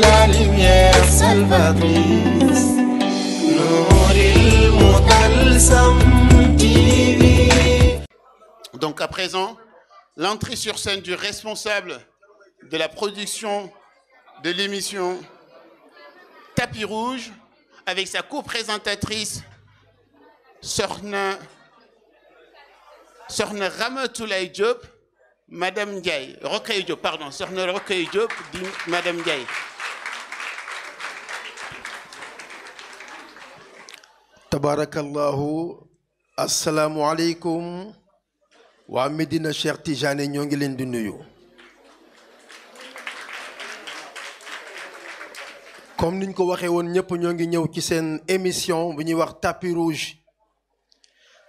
la lumière Donc à présent, l'entrée sur scène du responsable de la production de l'émission Tapis Rouge avec sa co-présentatrice Sorna Ramatoulaye Diop Madame Ndiaye, Rocaille Diop, pardon, Sohna Rocaille Diop dit Madame Ndiaye. tabarakallahu asalaamualeykum waa Medina Cheikh Tijani ñoo ngi leen di comme niñ ko dit, nous ñëpp tous ngi ñëw ci émission bu s'appelle wax tapis rouge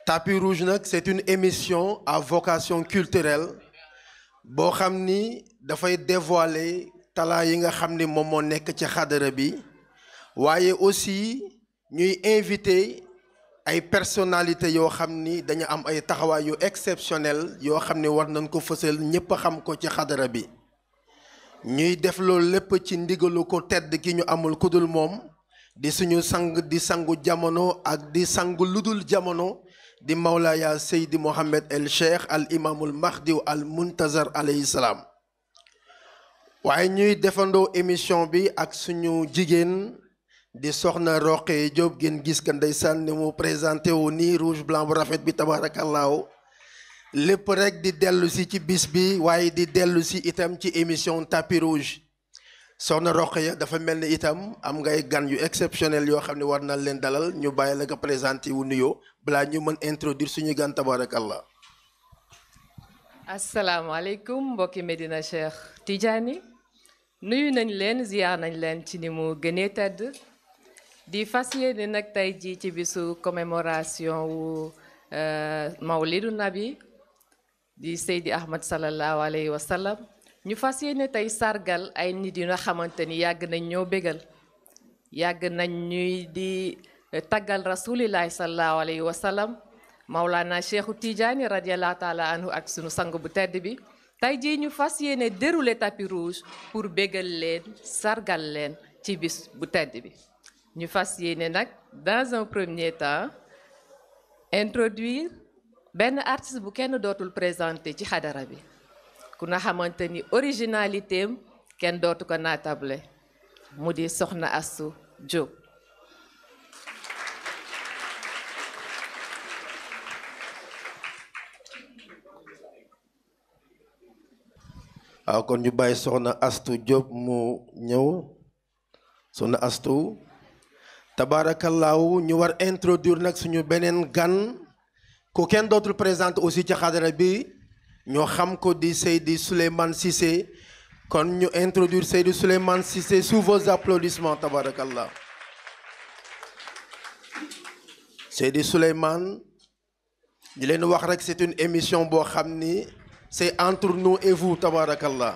tapis rouge c'est une émission à vocation culturelle. boo xam ni dafay dévoiler talent yi nga xam ni moom moo nekk ci xadara bi waaye aussi ñuy invité ay personnalité yoo xam ni dañu am ay taxawaay yu exceptionnel yoo xam ni war nañ ko fësal ñëpp xam ko ci xadara bi ñuy def loolu lépp ci ndigalu ko tedd ki ñu amul kudul moom di suñu sang di sangu jamono ak di sangu ludul jamono di Maulaya Sayyidi mohammed el cheikh al Imamul mahdi al muntazar alayhi salam. Nous ñuy defando émission bi ak suñu jigen di soxna Roqee job gis ka ni mu présenté wu ni rouge blanc bu rafet bi tabarakallah lepp rek di delu ci ci bis bi waye di delu ci itam émission tapis rouge soxna Rokhaya dafa mel ni itam am ngay gan yu exceptionnel yoo xam ne war na leen dalal ñu bàyyi la nga présenté wu nuyoo balaa ñu mën introduire suñu gan tabarakallah asalaamaaleykum mbokki Medina Cheikh Tidjani nuyu nañ leen ziyaar nañ leen ci ni mu gënee tedd di fas yéene nag tey jii ci bisu commémoration wu euh, mawlidu nabi di Seydi Ahmad sallallahu alayhi wa ñu fassiyene tay sargal ay nit yu nga xamante ni nañ ñoo bégal yag nañ ñuy di tagal rasulillah sallallahu alayhi wa sallam maulana cheikhu tijaani radiallahu taala anhu ak sunu sang bu tedd bi tay ji ñu fassiyene dérouler tapis rouge pour bégal leen sargal leen ci bis bu tedd bi ñu fassiyene nak dans un premier temps introduire ben artiste bu kenn dootul présenter ci xadara bi ku na xamante ni originalité am kenn dootu ko naatable mu di Soxna Astou Diop waaw kon ñu bàyyi Soxna astu Diop mu ñëw Soxna Astou tabaarakallaahu ñu war introduire nag suñu beneen gan ku kenn dootul présente aussi ci xadara bi Nous xam ko di Seydi Souleymane Cissé kon ñu introduire Seydi Suleiman Cissé sous vos applaudissements tabarakallah Seydi Souleymane il est wax que c'est une émission pour c'est entre nous et vous tabarakallah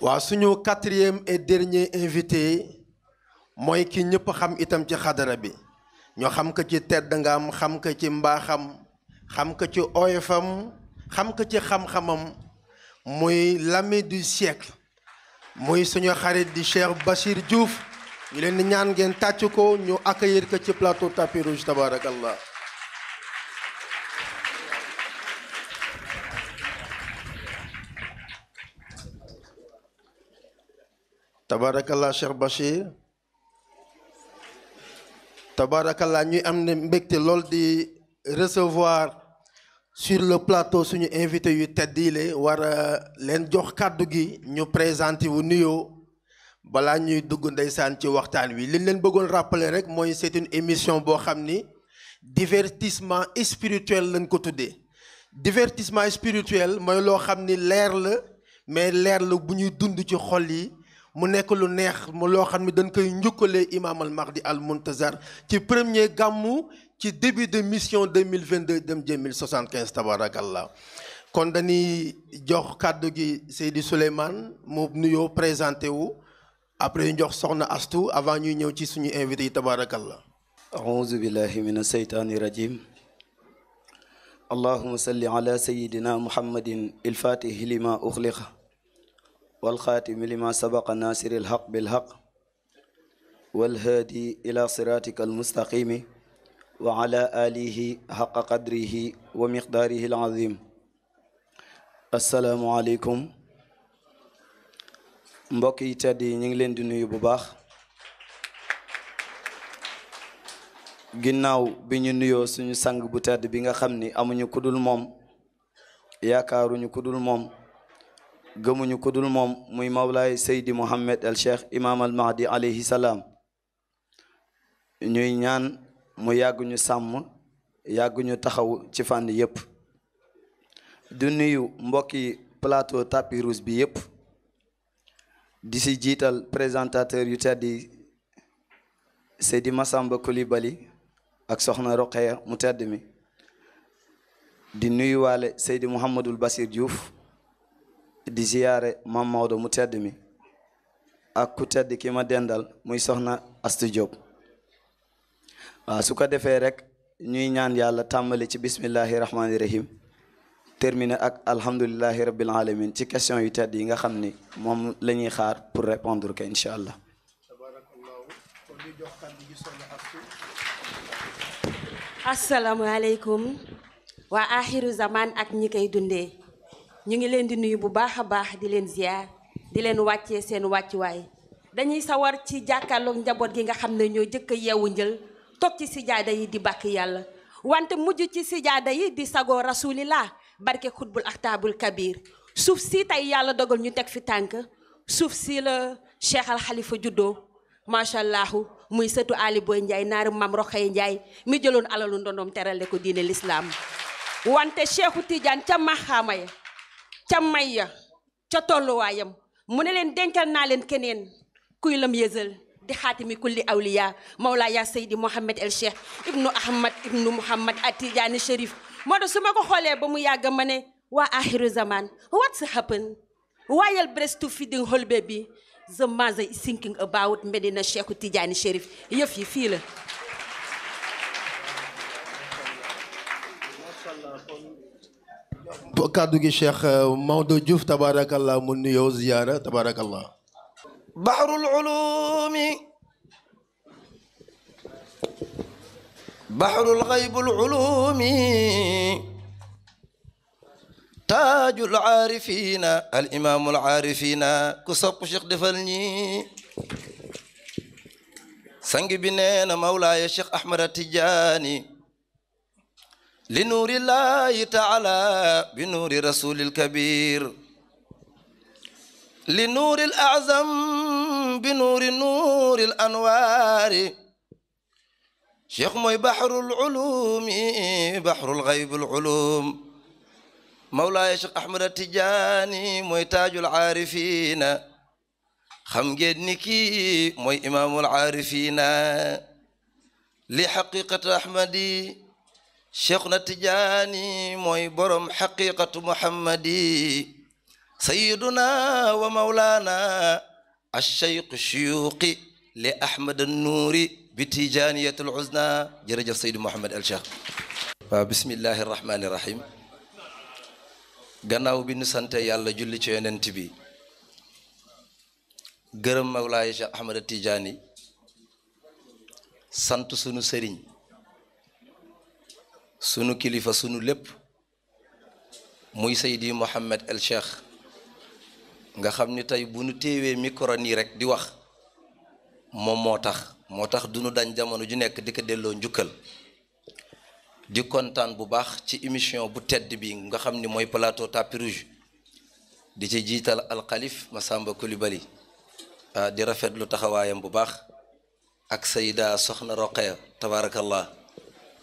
waaw suñu quatrième et dernier invité mooy ki ñëpp xam itam ci xadara bi ñoo xam ko ci tedd ngaam xam ko ci mbaaxam xam ko ci oyofam xam ko ci xam-xamam muy l'ami du siècle moi suñu xarit di cher Bashir Diouf ñu est di ñaan ngeen tàcc ko ñu accueillir ko ci plateau tapis rouge tabarakallah tabarakallah Cheikh Bachir tabarakallah ñuy am ne mbégte l'ol di recevoir sur le plateau suñu invité yu tedd yi la war a leen jox kàddu gi ñu présenté wu nuyoo balaa ñuy dugg ndeysaan ci rappeler rek c'est une émission boo divertissement spirituel lañ ko divertissement spirituel Moi loo xam l'air le, mais l'air le bu dund ci mu nekk lu neex mu loo xam dañ al mahdi al muntazar ci premier gàmmu ci début de mission 2022 2075 tabarakallah kon dañuy jox kàddu gi Seydi Souleyman mu présenté wu après jox avant ñuy ñëw ci suñu invité billahi rajim Allahumma salli ala muhammadin il fatihi lima والخاتم لما سبق ناصر الحق بالحق والهادي إلى صراطك المستقيم وعلى آله حق قدره ومقداره العظيم السلام عليكم مبكي تدي نيغلين دي نيو بوباخ غيناو بي ني نيو سونو سانغ بو تاد بيغا خامني امونو كودول موم ياكارو ني gëmuñu ko dul mom muy mawlay seydi mohammed al sheikh imam al mahdi alayhi salaam ñuy ñaan mu yàgguñu sàmm yàgguñu taxaw ci fànn yépp du nuyu mbokki plateau tapis rouge bi yépp di ci jital présentateur yu tedd yi masamba Massamba ak soxna Roqeya mu tedd mi di walé Seydi mohammedul Basir Diouf di ziyaare maam Maodo mu tedd mi ak ku tedd ki ma dendal muy soxna Astu Diop waaw su ko defee rek ñuy ñaan yàlla tàmbali ci bismillahi rahmaani rahim terminé ak alhamdulillahi rabbil alamin ci question yu tedd yi nga xam ni moom la ñuy xaar pour répondre ko incha allah asalaamaaleykum waa axiru zaman ak ñi koy ñu ngi leen di nuyu bu baax a baax di leen ziar di leen wàccee seen dañuy sawar ci jàkkaarloog njaboot gi nga xam ne ñoo jëkk yeewu njël toog ci sijaada yi di bàkk yàlla wante mujj ci sijaada yi di sagoo rasulillah barke xutbul axtaabul kabir suuf si tey yàlla dogal ñu teg fi tànk suuf si la cheikh al xalifa juddoo macha allahu muy sëtu ali boy njaay naari mam roxay njaay mi jëloon alalu ndondoom terale ko diine lislaam wante cheikhu tidiane ca maxaama ya ca mayya ca tolluwaayam mu ne leen dencal naa leen keneen kuy lam yëzal di xaatimi kulli awliya mawlaaya seydi mouhamad el cheikh ibnu ahmad ibnu mouhamad atijaani chérif moo tax su ma ko xoolee ba mu yàgg ma ne waa axiru zaman what's happen while breast feeding whole baby the mother is thinking about Medina Cheikh Tidiane Chérif yëf yi fii la كادو كي شيخ مودو جوف تبارك الله من نيو زياره تبارك الله بحر العلوم بحر الغيب العلوم تاج العارفين الامام العارفين كسب شيخ دفلني سانغي بنين مولاي الشيخ احمد التجاني لنور الله تعالى بنور رسول الكبير لنور الأعظم بنور نور الأنوار شيخ موي بحر العلوم بحر الغيب العلوم مولاي شيخ أحمد التجاني موي تاج العارفين خم نكي ni إمام العارفين لحقيقة aarifiina cheikh na tijaani mooy borom xaqiqatu muhammadi sayiduna wa maulana acheikh shuyuqi li ahmad annuuri bi tijaaniyat al uzna jërëjëf saydu muhammad al cheikh waaw bismillahi arrahmani irrahim gannaaw bi nu sante yàlla julli ci yonent bi gërëm mawlaay cheikh ahmad tijaani sant sunu sëriñ sunu kilifa sunu lépp muy Seydi Mouhamed El Cheikh nga xam ni tey bu nu téewee micro nii rek di wax moom moo tax moo tax du nu dañ jamono ju nekk di ko delloo njukkal di kontaan bu baax ci émission bu tedd bi nga xam ni mooy plateau tapis rouge di ci jiital alkalif ma alxalif Massamba Coulibaly ah, di rafetlu taxawaayam bu baax ak Seyda Soxna Roqeya tabaarakallah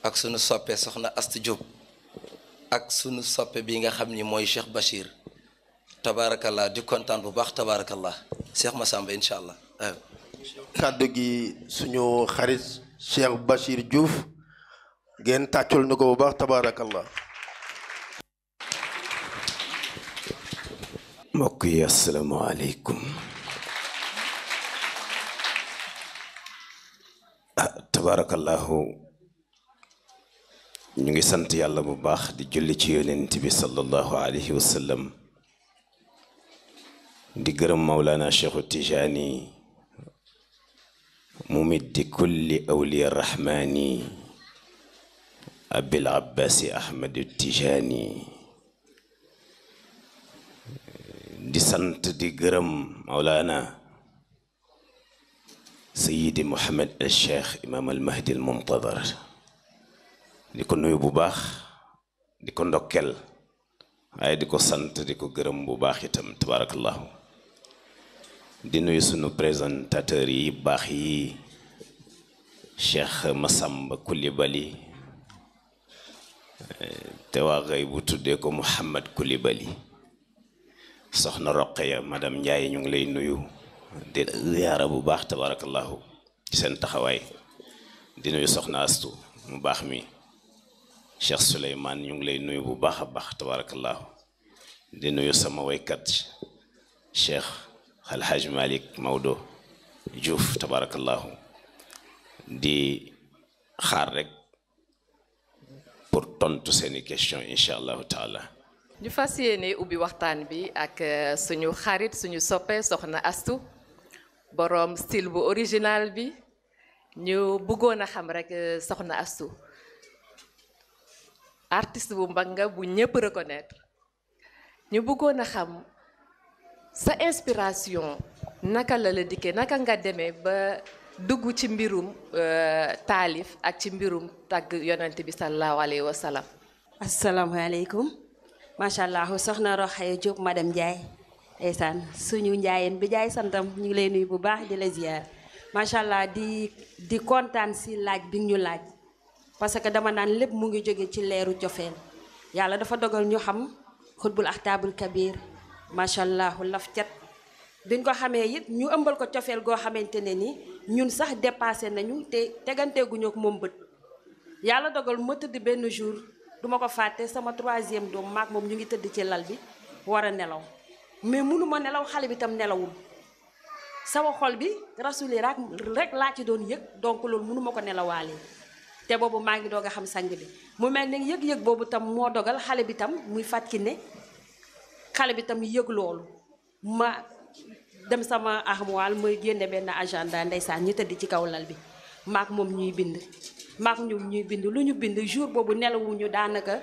ak sunu soppe soxna Astu Diop ak sunu soppe bii nga xam ni mooy Cheikh Bachir tabaarakallah di kontaan bu baax tabaarakallah Cheikh Massamba incha allah. kàddu gi suñu xarit Cheikh Bachir Diouf ngeen tàccul ñu ko bu baax tabaarakallah. mbokk yi asalaamaaleykum ah tabarakallahu ñu ngi sant yàlla bu baax di julli ci yonent bi sallallahu alayhi wa sallam di gërëm Mawlana Cheikhu Tijaani mumiddi kulli awliya rahmaani abil abbaasi ahmadu Tijaani di sant di gërëm Mawlana Sayyidi Muhammad al Cheikh Imam al Mahdi al Muntadar di ko nuyu bu baax di ko ndokkeel waaye di ko sant di ko gërëm bu baax itam tabarakallahu di nuyu sunu présentateur yi baax yi cheikh Massamba Coulibaly te waa gay bu tuddee ko Mouhamad Coulibaly soxna Roqeya madame Ndiaye ñu ngi lay nuyu di bu baax tabarakallahu ci seen taxawaay di nuyu soxna astu mu baax mi Cheikh Souleymane ñu ngi lay nuyu bu baax a baax tabarakallah di nuyu sama waykat Cheikh Alhaj malik maudo Diouf tabarakallah di xaar rek pour tontu seeni question incha allahu taala ñu fas yéene ubbi waxtaan bi ak suñu xarit suñu soppe soxna Astu borom style bu original bi ñu bëggoon a xam rek soxna Astu artiste bu mbanga bu ñepp reconnaître ñu bëggoon xam sa inspiration naka la la diké naka nga démé ba dugg ci mbirum euh, taalif ak ci mbirum tag yonent bi sallallahu alayhi wa sallam ma sha allah soxna Roxaye Diop madame jay ndeysaan suñu njaayen bi jay santam ñu lay nuy bu baax di la ziar sha allah di di contane si laaj bi ñu laaj parce que dama naan lépp mu ngi jóge ci leeru jofeel yàlla dafa dogal ñu xam xutbul axtaabul kabir macha allah laf cat biñ ko xamee it ñu ëmbal ko cofeel goo xamante ne ni ñun sax dépassé nañu te teganteeguñu ak moom bët yàlla dogal ma tëdd benn jour duma ko fàtte sama troisième doom maak moom ñu ngi tëdd ci lal bi war a nelaw mais mënuma nelaw xale bi tam nelawul sama xol bi rasuli rek rek laa ci doon yëg donc loolu mënuma ko nelawaale te boobu maa ngi doog a xam sang bi mu mel ni yëg-yëg boobu tam moo dogal xale bi tam muy fàtki ne xale bi tam yëg loolu ma dem sama armoire muy génne benn agenda ndeysaan ñu tëdd ci kaw lal bi maak moom ñuy bind maak ñuy bind lu ñu bind jour boobu nelawuñu daanaka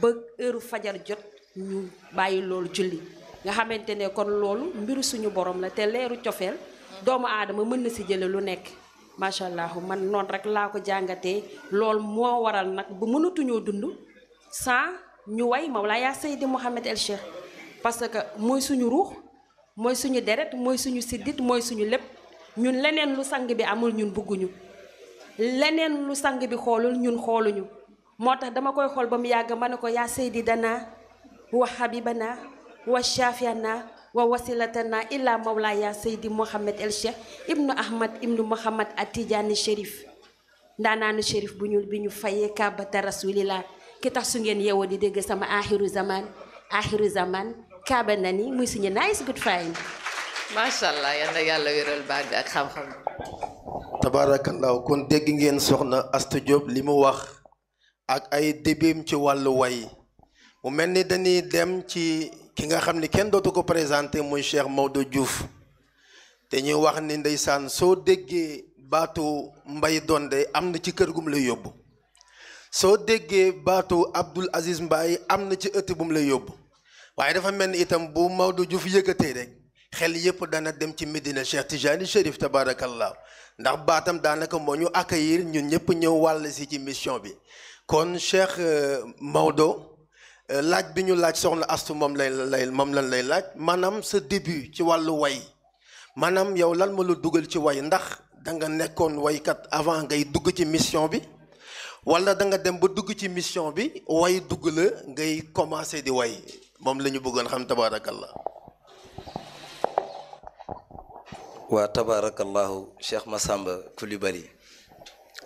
ba heure fajar jot ñu bàyyi loolu julli nga xamante ne kon loolu mbiru suñu borom la te leeru cofeel doomu aadama mën na si jële lu nekk macha allah man noon rek laa ko jàngatee loolu moo waral nag bu mënatuñoo dund sans ñu way Mawlaya Seydi Mouhamed El Cheikh parce que mooy suñu ruux mooy suñu deret mooy suñu siddit mooy suñu lépp ñun leneen lu sang bi amul ñun bëgguñu leneen lu sang bi xoolul ñun xooluñu moo tax dama koy xool ba mu yàgg ma ne ko yaa Seydi dana wa habibana wa naa wa wasilatana ila maulaya sayyidi mohammed el sheikh ibnu ahmad ibnu mohammed atijani Sherif ndaanaanu Sherif buñu biñu fayé ka fayee rasulillah ki tax su ngeen yewo di deg sama akhiru zaman akhiru zaman ka na ni muy suñu nice good fine macha allah yal na yàlla wéral baag ak xam-xam tabarakallah kon deg ngeen soxna astu job limu wax ak ay débéem ci walu way mu melni dañi dem ci ki nga xam ni kenn dootu ko présenté muy Cheikh Maodo juuf te ñuy wax ni ndeysaan soo déggee baatu Mbaye Donde am na ci kër gum lay yóbbu soo déggee baatu Abdoul Aziz Mbaye am na ci ëtt bu mu lay yóbbu waaye dafa mel ni itam bu Maodo Diouf yëkkatee rek xel yëpp dana dem ci Medina Cheikh Tijani Chérif tabarakallah ndax baatam daanaka moo ñu accueillir ñu ñëpp ñëw wàll si ci mission bi kon Cheikh euh, Maodo. Euh, laaj bi ñu laaj soxna astu moom lay lay moom lan lay laaj maanaam sa début ci wàllu way maanaam yow lan ma la dugal ci way ndax da nga nekkoon waykat avant ngay dugg ci mission bi wala da nga dem ba dugg ci mission bi way dugg la ngay commencé di way moom la ñu bëggoon xam tabaarakallah waa tabaarakallahu Cheikh Massamba Coulibaly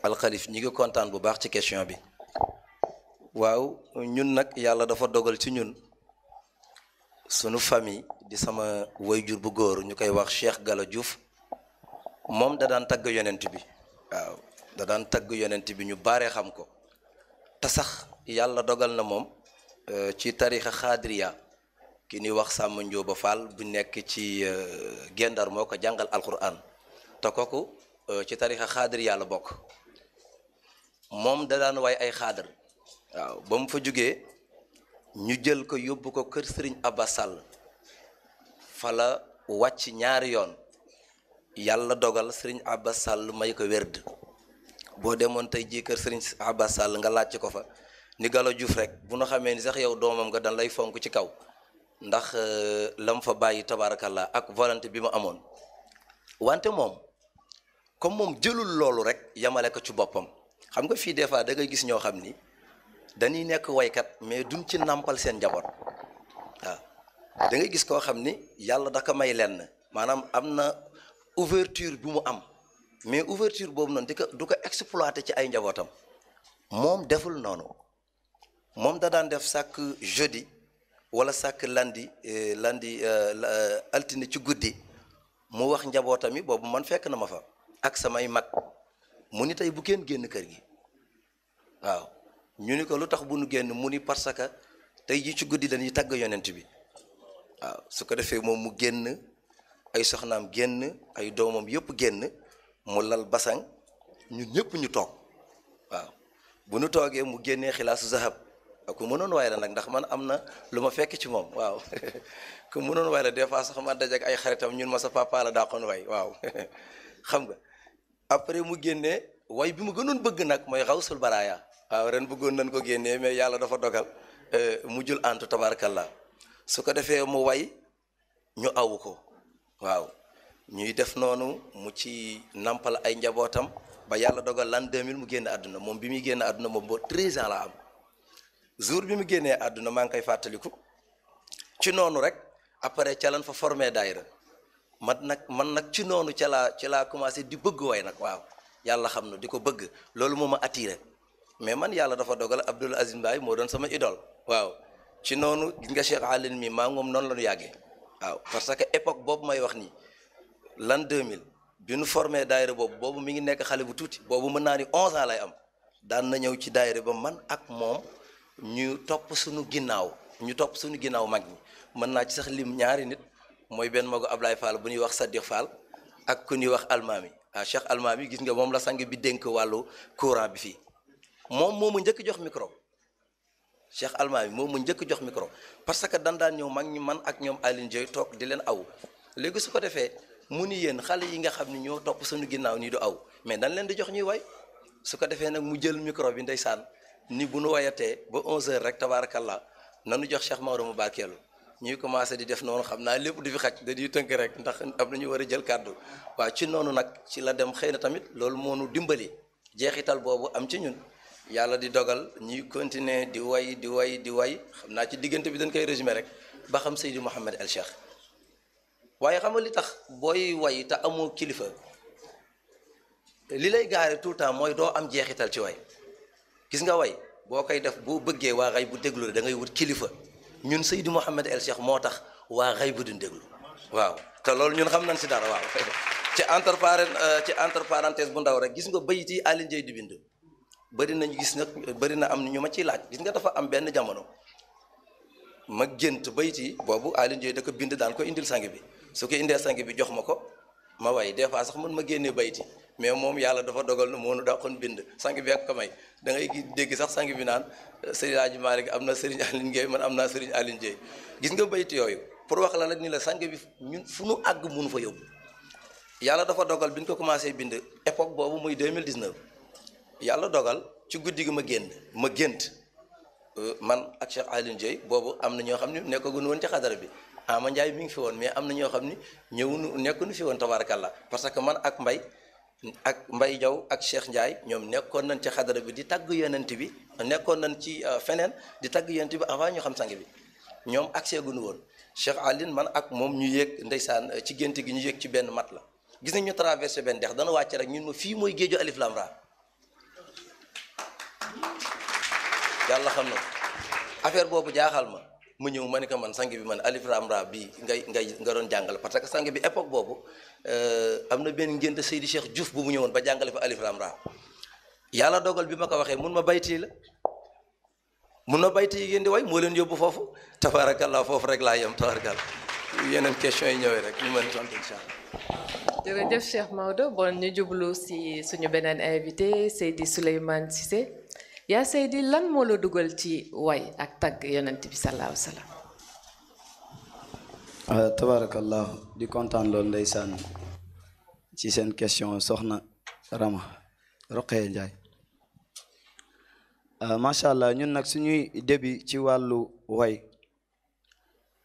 alxalif ñi ngi kontaan bu baax ci question bi waaw ñun nag yàlla dafa dogal ci ñun sunu famille di sama wayjur bu góor ñu koy wax cheikh gala diouf moom da daan tagg yonent bi waaw da daan tagg yonent bi ñu bare xam ko te sax yàlla dogal na moom euh, ci kini xaadiriya ki ni wax sàmm njóoba faal bu nekk ci euh, gendar moo ko jàngal alquran te kooku euh, ci tarixa xaadiriya la bokk moom da daan way ay xaadar waaw ba mu fa jógee ñu jël ko yóbbu ko kër sëriñ Abba Sall fala wàcc ñaari yoon yàlla dogal sëriñ Abba Sall may ko werd boo demoon tey jii kër sëriñ Abba Sall nga laaj ko fa ni Galo Diouf rek bu nu xamee ni sax yow doomam nga dan lay fonk ci kaw ndax euh, lam fa bàyyi tabaarakallaa ak volonté bi mu amoon wante moom comme moom jëlul loolu rek yamale ko ci boppam xam nga fii des fois da ngay gis ñoo xam ni dañuy nekk woykat mais duñ ci nampal seen njaboot waaw da ngay gis koo xam ni yàlla da ko may lenn maanaam am na ouverture bi mu am mais ouverture boobu noonu di ko du ko exploité ci ay njabootam moom deful noonu moom da daan def chaque jeudi wala chaque lundi lundi altine ci guddi mu wax njabootam yi boobu man fekk na ma fa ak samay mag mu ni tey bu kenn génn kër gi waaw ñu ni ko lu tax bu nu génn mu ni parce que tey ji ci guddi dañuy tàgg yonent bi waaw su ko defee moom mu génn ay soxnaam génn ay doomam yëpp génn mu lal basang ñun ñëpp ñu toog waaw bu nu toogee mu génnee xilaasu zahab ku mënoon waay la nag ndax man am na lu ma fekk ci moom waaw mënoon waay des fois sax ma dajak ay xaritam ñun ma sa papa la daaxoon waay waaw xam nga après mu génnee way bi mu gënoon bëgg nag mooy xaw xawsul baraaya waaw ah, ren bëggoon nañ ko génnee mais yàlla dafa dogal eh, mujjul antu la su ko defee mu way ñu awu ko waaw ñuy def noonu mu ci nampal ay njabootam ba yàlla dogal l'an 2000 mu génne àdduna moom bi muy génne àdduna moom boo 13 ans la am jour bi mu génnee àdduna maa ngi koy fàttaliku ci noonu rek après ca lañ fa formé daayira man nag man nag ci noonu ca laa ci laa commencé di bëgg way nag waaw yàlla xam na di ko bëgg loolu moo ma attiré mais man yàlla dafa dogal Abdoul Aziz Mbaye moo doon sama idole waaw ci noonu gis nga Cheikh Aline mi maa noonu la ñu yàggee waaw parce que époque boobu may wax nii l'an 2000 bi nu formé daayira boobu boobu mi ngi nekk xale bu tuuti boobu mën naa ni 11 ans lay am daan na ñëw ci daayira ba man ak moom ñu topp suñu ginnaaw ñu topp suñu ginnaaw mag ñi mën naa ci sax lim ñaari nit mooy benn magu Ablaye Fall bu ñuy wax Sadikh Fall ak ku ñuy wax almaami ah Cheikh almaami gis nga moom la sang bi dénk wàllu courant bi fii. moom moom ma njëkk jox micro Cheikh yi moom ma njëkk jox micro parce que dan daan ñëw mag ñi man ak ñoom Alioune Dieye toog di leen aw léegi su ko defee mu ni yéen xale yi nga xam ni ñoo topp suñu ginnaaw nii du aw mais dañ leen di jox ñuy way su ko defee nag mu jël micro bi ndeysaan ni bu nu wayatee ba 11h rek tabaarakallah nanu jox Cheikh Maodo mu barkeelu ñuy commencé di def noonu xam naa lépp di fi xaj dañuy tënk rek ndax am na ñu war a jël kàddu waaw ci noonu nag ci la dem xëy na tamit loolu moo dimbali jeexital boobu am ci ñun. yàlla di dogal ñuy continuer di way di way di way xam naa ci diggante bi dañ koy résumé rek ba xam Seydi Mouhamed El Cheikh waaye xam nga li tax booy way te amoo kilifa li lay gaare tout le temps mooy doo am jeexital ci way gis nga way boo koy def boo bëggee waa xay bu déglu da ngay wut kilifa ñun Seydi Mouhamed El sheikh moo tax waa xay bu duñ déglu waaw te loolu ñun xam nañ si dara waaw ci entre parenthèse euh, ci entre parenthèse bu ndaw rek gis nga bayit yi Aly Ndiaye di bind bëri nañu gis nag bëri na am ñu ma ciy laaj gis nga dafa am benn jamono ma gént bayit yi boobu Alioune Ndiaye da ko bind daan ko indil sang bi su ko indee sang bi jox ma ko ma way des fois sax man ma génnee bayit yi mais moom yàlla dafa dogal na moonu daa kon bind sang bi ko may da ngay dégg sax sang bi naan Serigne Hadji Malick am na Serigne Alioune man am naa Serigne Alioune gis nga bayit yooyu pour wax la nag ni la sang bi ñun fu nu àgg mënu fa yóbbu yàlla dafa dogal bi ñu ko commencé bind époque boobu muy 2019. yàlla dogal ci guddi gi ma génn ma gént euh, man ak Cheikh Alioune Dieye boobu am na ñoo xam ne nekkaguñu woon ci xadara bi Ama Ndiaye mi ngi fi woon mais am na ñoo xam ne ñëwuñu nekkuñu fi woon tabarakallah parce que man ak Mbaye ak Mbaye ak Cheikh Ndiaye ñoom nekkoon nañ ci xadara bi di tagg yonent bi nekkoon nañ ci euh, feneen di tagg yonent bi avant ñu xam sang bi ñoom ak seeguñu woon Cheikh Alioune man ak moom ñu yéeg ndeysaan ci gént gi ñu yéeg ci benn mat la gis nañ ñu traversé benn dex dana wàcc rek fii mooy géeju Alif Lam yàlla xam na affaire boobu jaaxal ma mu ñëw ma ni ko man sang bi man alif ram ra bi ngay ngay nga doon jàngale parce que sange bi époque boobu euh, am na benn ngénte Seydi Cheikh Diouf bu mu ñëwoon ba jàngale fa alif ram ra yàlla dogal bi ma ko waxee mun ma bayti la mun ma bayti yi ngeen di way moo leen yóbbu foofu tabarakallah foofu rek laa yem tabarakallah yeneen question yi ñëwee rek ñu mën ton incha allah. jërëjëf Cheikh Maodo bon ñu jublu si suñu beneen invité Seydi yaa Seydi lan moo la dugal ci way ak tagg yonent bi salaahu salaam. Ah, tabaarakallah di kontaan loolu ndeysaan ci seen question soxna Rama Roqee Njaay ah, macha allah ñun nag suñuy début ci wàllu way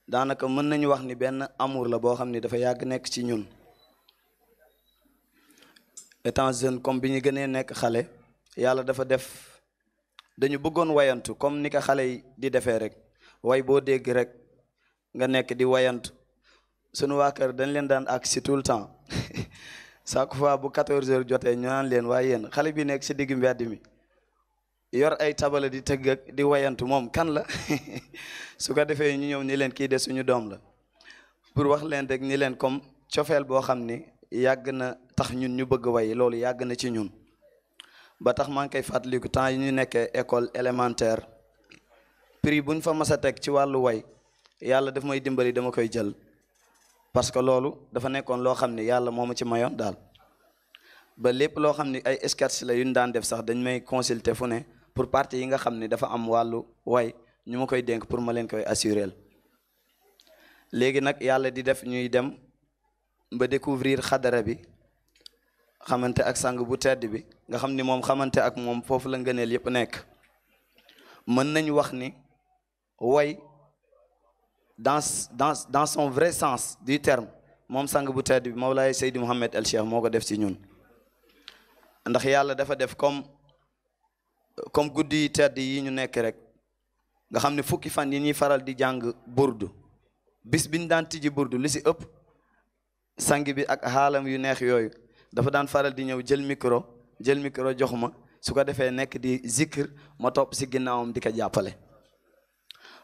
daanaka mën nañu wax ni benn amur la boo xam ni dafa yàgg nekk ci ñun étant jeune comme bi ñu gënee nekk xale yàlla dafa def. dañu bëggoon wayantu comme ni ko xale yi di defee rek way boo dégg rek nga nekk di wayantu suñu waa kër dañ leen daan ak si tout le temps chaque fois bu 14 heures jotee ñu naan leen waaye yéen xale bi nekk si digg mbedd mi yor ay tabala di tëgg ak di wayantu moom kan la su ko defee ñu ñëw ni leen kii de suñu doom la pour wax leen rek ni leen comme cofeel boo xam ni yàgg na tax ñun ñu bëgg way loolu yàgg na ci ñun ba tax maa ngi koy fàttaliku temps yi ñu nekkee école élémentaire bu buñ fa mas a teg ci wàllu way yàlla daf may dimbali dama koy jël parce que loolu dafa nekkoon loo xam ne yàlla moo ma ci mayoon daal ba lépp loo xam ne ay sketch la yu ñu daan def sax dañ may consulter fu ne pour partie yi nga xam ni dafa am wàllu way ñu ma koy dénk pour ma leen koy assuréel léegi nag yàlla di def ñuy dem ba découvrir xadara bi xamante ak sang bu tedd bi nga xam ni moom xamante ak moom foofu la ngëneel yëpp nekk mën nañu wax ni way dans dans dans son vrai sens du terme moom sang bu tedd bi lay Seydi Mouhamed El Cheikh moo ko def ci ñun ndax yàlla dafa def comme comme guddi yi tedd yi ñu nekk rek nga xam ne fukki fan yi ñuy faral di jàng burdu bis biñ daan tijji burdu li si ëpp sang bi ak xaalam yu neex yooyu dafa daan faral di ñëw jël micro jël micro jox ma su ko defee nekk di zikir ma topp si ginnaawam di ko jàppale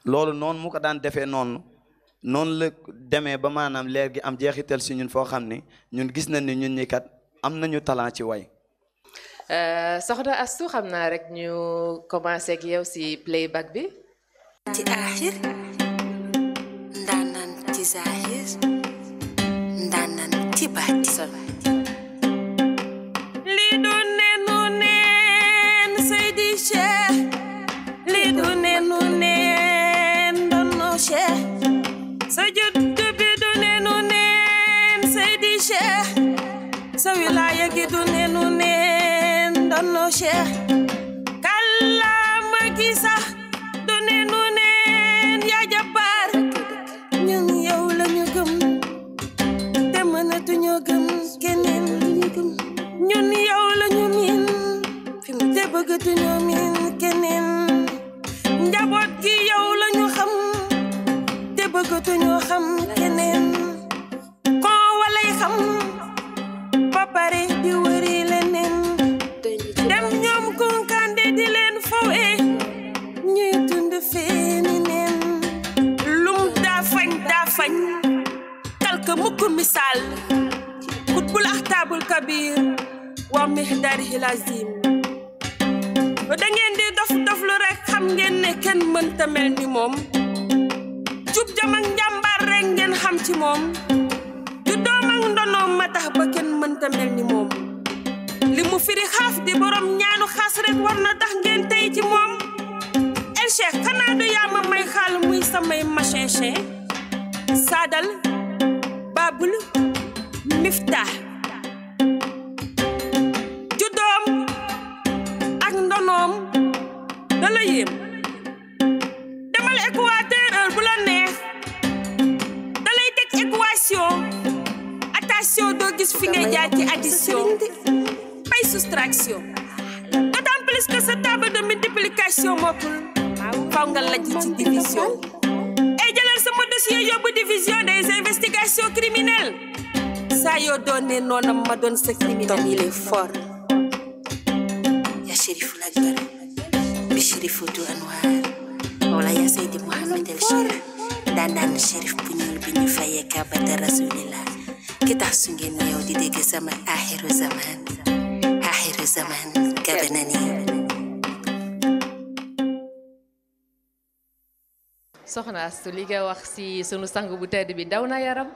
loolu noonu mu ko daan defee noonu noonu la demee ba maanaam leer gi am jeexital si ñun foo xam ni ñun gis nañ ni ñun ñi kat am nañu talent ci way euh, soxna Astou xam naa rek ñu commencé ak yow si playback bi ci aaxir ndaanaan ci zaahir ci baat doon loo Cheikh kàllaama gi sax du ne nu neen yaa jàppaar ñun yow la ñu gëm te mënatuñoo gëm keneen ñun yow la ñu miin te bëggatuñoo miin keneen njaboot gi yow la ñu xam te bëggatuñoo xam xayir wa mihdarihi lazim da ngeen di dof dof lu rek xam ngeen ne kenn mënta mel ni moom jub jam ak njàmbaar rek ngeen xam ci moom du doom ak ndonoom ma tax ba kenn mënta mel ni moom li firi xaaf di borom ñaanu xaas rek war na tax ngeen tey ci moom el cheikh xanaa du yaa ma may xaal muy samay machin saadal babul miftah da la yéem demal équateur bu la neex da lay teg équation attention doo gis fi ngay jaar ci addition pay soustraction d'autant plus que sa table de multiplication mokkul faw nga lajj ci division ay jëlal sama dossier yóbbu division des investigations criminelles saa yoo doonee noonam ma doon sa criminel fort Chérif Oudou Anwar su ngeen wax si sunu sang bu tedd bi daw na yaram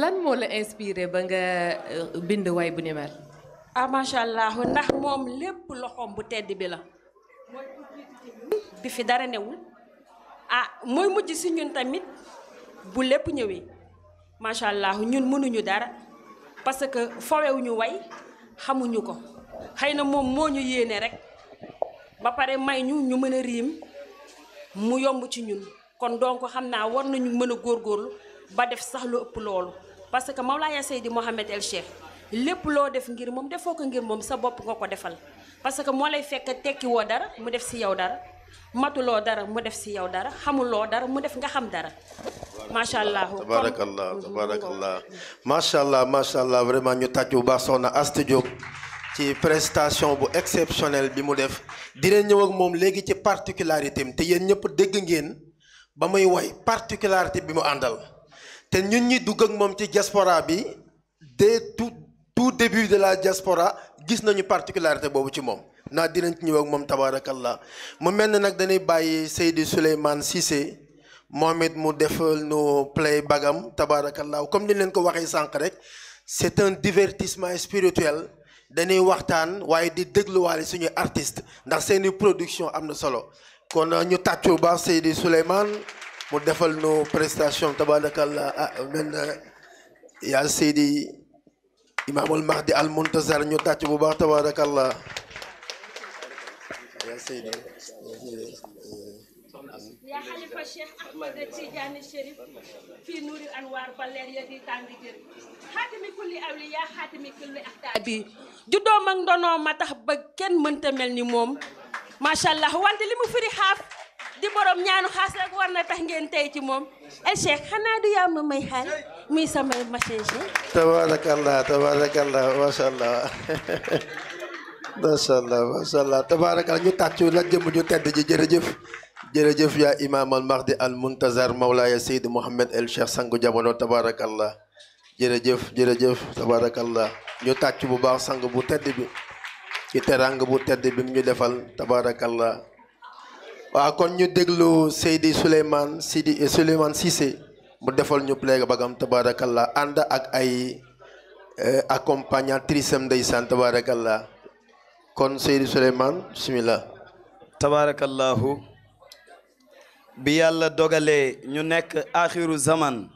lan moo la inspiré ba nga euh, bind way bu ni mel ah macha allah ndax moom lépp loxoom bu tedd bi la bi fi dara newul ah mooy mujj si ñun tamit bu lépp ñëwee macha allah ñun mënuñu dara parce que fowewuñu way xamuñu ko xëy na moom moo ñu yéene rek ba pare may ñu ñu mën a riim mu yomb ci ñun kon donc xam naa war na ñu mën a góor góorlu ba def sax lu ëpp loolu moom parce que Mawlaaya Seydi Mouhamed El Cheikh lépp loo def ngir moom defoo ko ngir moom sa bopp nga ko defal parce que moo lay fekk tekki woo dara mu def si yow dara matuloo dara mu def si yow dara xamuloo dara mu def nga xam dara macha allah tabarakallah tabarakallah macha allah macha allah vraiment ñu tàcc bu baax soxna Astou Diop ci prestation bu exceptionnelle bi mu def dina ñëw ak moom léegi ci particularité am te yéen ñëpp dégg ngeen ba muy woy particularité bi mu àndal te ñun ñi dugg ak moom ci diaspora bi dès tout tout début de la diaspora gis nañu particularité boobu ci moom na dinañ ci ñëw ak moom tabarakallah mu mel nak nag dañuy bàyyi Souleymane Cissé momit mu defal play bagam tabarakallah comme nous leen ko waxee sank rek c'est un divertissement spirituel dañuy waxtaan waaye di dégluwaale suñu artiste ndax seeni production amna solo kon ñu tatchu ba Seydi Souleymane mu defal no prestation tabarakallah ah mel Mahdi al Muntazar ñu tatchu bu baax tabarakallah juddoom ak ndonoo ma tax ba kenn mënta mel ni moom macha allah wante li mu firi xaaf di borom ñaanu xaas rek war na tax ngeen tey ci moom el eh Cheikh xanaa du yaa may xaal muy samay machine Cheikh tabaarakallah tabaarakallah macha allah masallah masallah tabarakallah ñu tàccu la jëm ju tedd ji jërëjëf jërëjëf yaa imam al mahdi al muntazar mawlaya sayyid muhammad el cheikh sangu jamono tabarakallah jërëjëf jërëjëf tabarakallah ñu tàcc bu baax sang bu tedd bi ci terang bu tedd bi ñu defal tabarakallah waa kon ñu déglu seydi souleyman sidi eh, souleyman sissé mu defal ñu plega bagam tabarakallah ànd ak ay eh, accompagnatrice am ndeysaan tabarakallah kon Seydi Souleymane bisimilah. tabaarakallaahu bi yàlla dogale, ñu nekk axiru zaman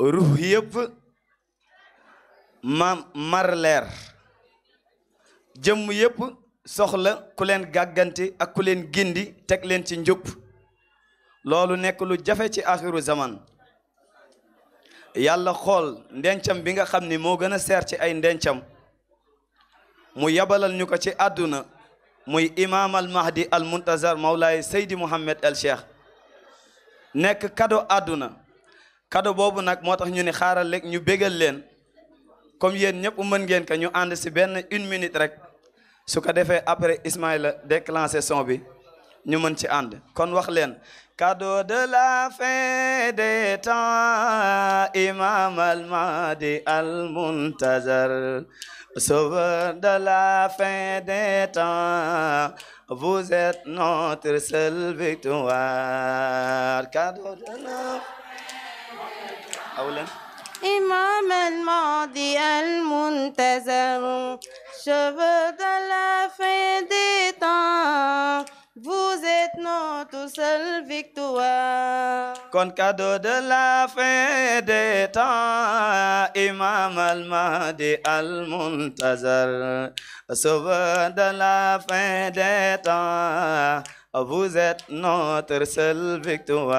ruh yep, ma mar leer jëmm yëpp soxla ku leen gàgganti ak ku leen gindi teg leen ci njub loolu nekk lu jafe ci axiru zaman yàlla xool ndencam bi nga xam ni moo gën ci ay ndencam mu yabalal ñu ko ci àdduna muy imam al mahdi al muntazar mawlaay seydi mouhamed el cheikh nekk kado àdduna kado boobu nag moo tax ñu ni xaaral rek ñu begal leen comme yéen ñëpp mën ngeen ko ñu ànd si benn une minute rek su ko defee après Ismaïla déclenché son bi ñu mën ci ànd kon wax leen kado de la fin des temps imam al mahdi al muntazar Sauveur de la fin des temps, vous êtes notre seule victoire. Cadeau de notre Imam al-Mahdi al-Muntazar, cheveux de la fin des temps, vous êtes notre seule victoire. Con cadeau de la fin des temps, Imam al-Mahdi al-Muntazar. Sauveur de la fin des temps, vous êtes notre seule victoire.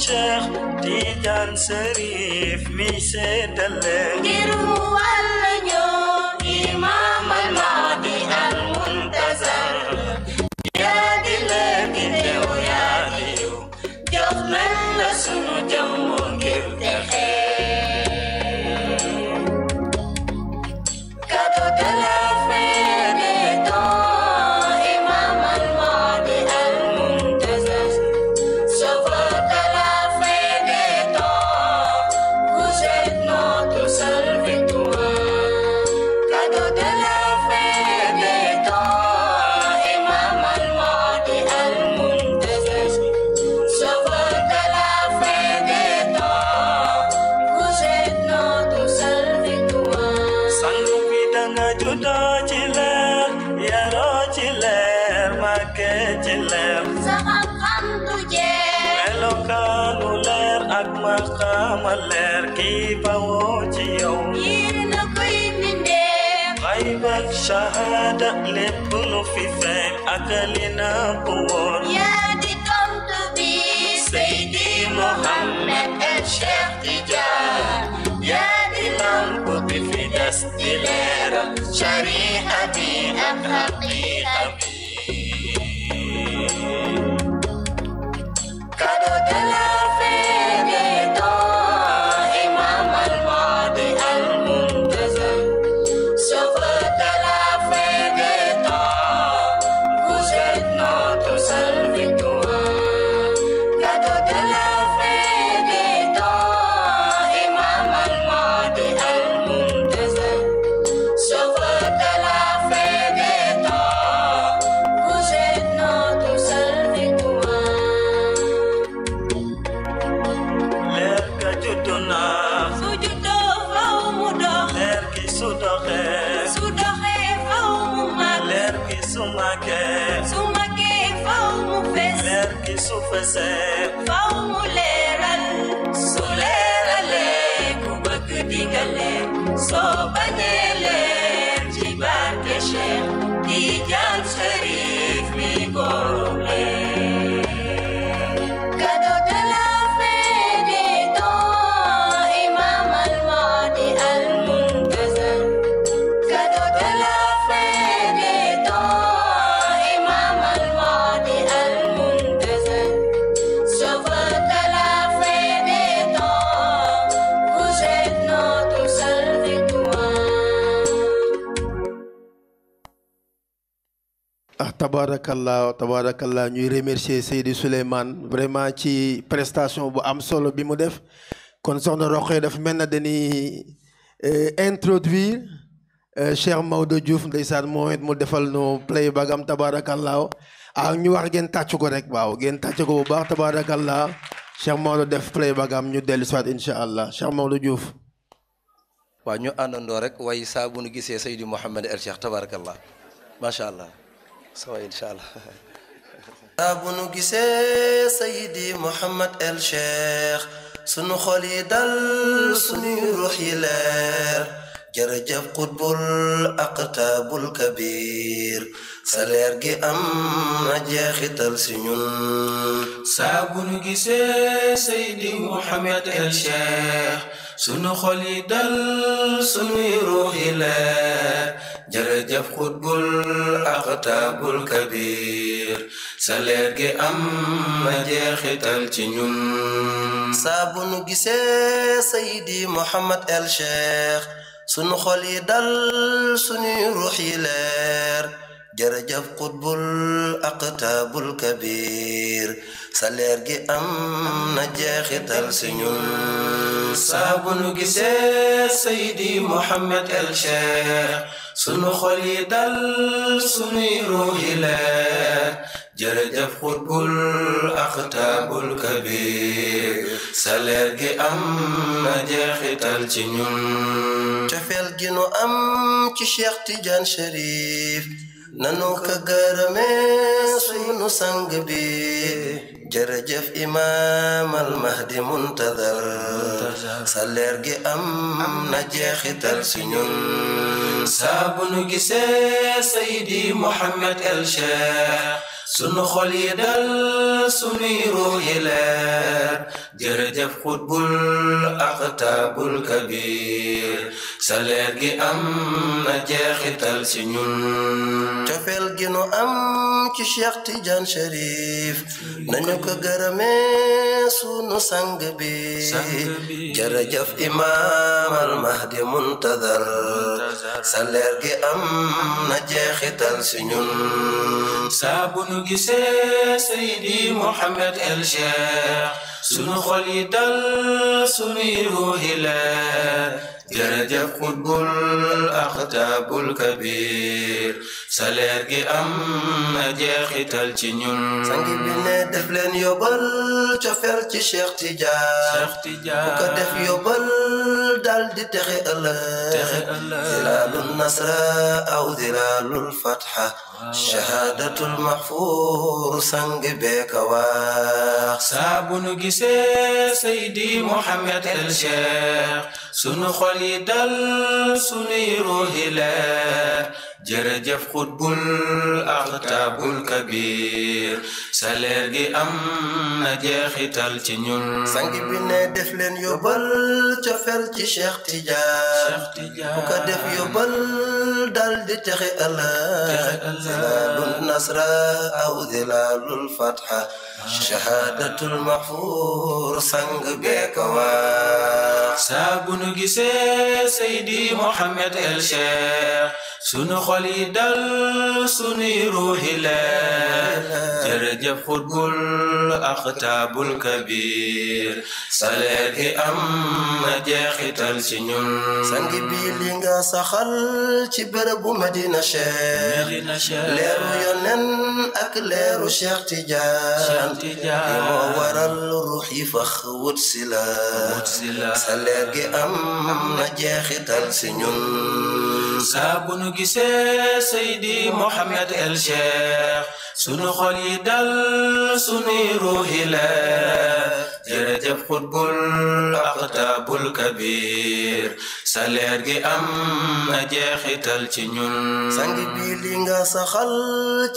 شيخ ديدان سريف ميسيد الليل لكل في فين أكلنا قوار يا دي بي سيدي محمد الشيخ تجار يا دي في دست ليرة شريحة بي أم حقيقة بي tabarakallah tabarakallah ñuy remercier Seydi Souleymane vraiment ci prestation bu am solo bi mu def kon soxna Roqee daf mel na euh, introduire euh, Cheikh Maodo Diouf ndeysaan moom it mu defal no play bagam tabarakallah ah ñu wax gën tatchu ko rek waaw gën tatchu ko bu baax tabarakallah Cheikh Maodo def play bagam ñu delu soit inshallah Cheikh Maodo Diouf wa ñu àndandoo rek way sa bu ñu gisee Seydi mohammed El Cheikh tabarakallah macha allah سوا ان شاء الله ابو نقيس سيدي محمد الشيخ سنو خولي دل سنو روحي لير جرجب قطب الاقطاب الكبير سالير جي ام نجاخي تل سنون سابو نقيس سيدي محمد الشيخ سنو خولي دل سن روحي لير jërëjëf xutbul axtaabul kabiir sa leer gi am na jeexital ci ñun saabu nu gisee saydi Muhammad el Cheikh sunu xol yi dal sunuy ruux yi leer jërëjëf xutbul aqtaabul kabiir sa gi am na jeexital si ñun saabu nu gisee saydi Mohammed el Cheikh sunu xol yi dal sunuy ruux yi leer jërëjëf xutbul aqtaabul kabiir sa gi am na jeexital ci ñun cofeel gi nu am ci Cheikh Tidiane Chérif ننوك قرمي سنو سنگ جرجف إمام المهدي منتظر سلير جي أم نجيخ ترسنون سابنو كسي سيدي محمد الشيخ سنو خولي دل سنو روح جرجف قطب الأقطاب الكبير saleer gi am na jeexital ci ñun cofeel gi nu am ci Cheikh Tidiane Chérif nañu ko gërëmee sunu sang bi jërëjëf imaam al mahdi muntadar saleer gi am na jeexital ci ñun saa bu nu gisee Seydi Mouhamed El Cheikh sunu xol yi dal sunuy ruuhi leer جرج قطب الأختاب الكبير سلاكي أم مجاخي تلتنين سنجي بلنا دفلن يبل شفر تشيخ تجار وكدف يبل دال دي الله تخي الله ذلال النصر أو ذلال الفتحة شهادة المحفور سنج بك واخ جسي سيدي محمد الشيخ سنخل وحيدا سنير هلال jërëjëf xutbul axtaabul kabir sa leer gi am na jeexital ci ñun sang bi ne def leen yóbbal cofeel ci Cheikh Tidiane bu ko def yóbbal dal di texe ëllëg zilaalul nasra aw zilaalul fatha shahaadatul maxfuur sang bee ko wax saa bu nu gisee Seydi Mohamed El Cheikh sunu خليدا سني روهلا جرج خرب الأختاب الكبير سلاك أم جاخي تلسنون سنك بيلين سخل تبرب مدينة شيخ لير ينن أكلير شيخ تجان يمور الروح فخوت سلا سلاك أم جاخي تلسنون سابون كسير Seydi Mouhamed El Cheikh sunu xol yi dal sunuy ruuxi leer jërëjëf xutbul aqtaabul kabir sa leer gi am na jeexital ci ñun sang bi li nga saxal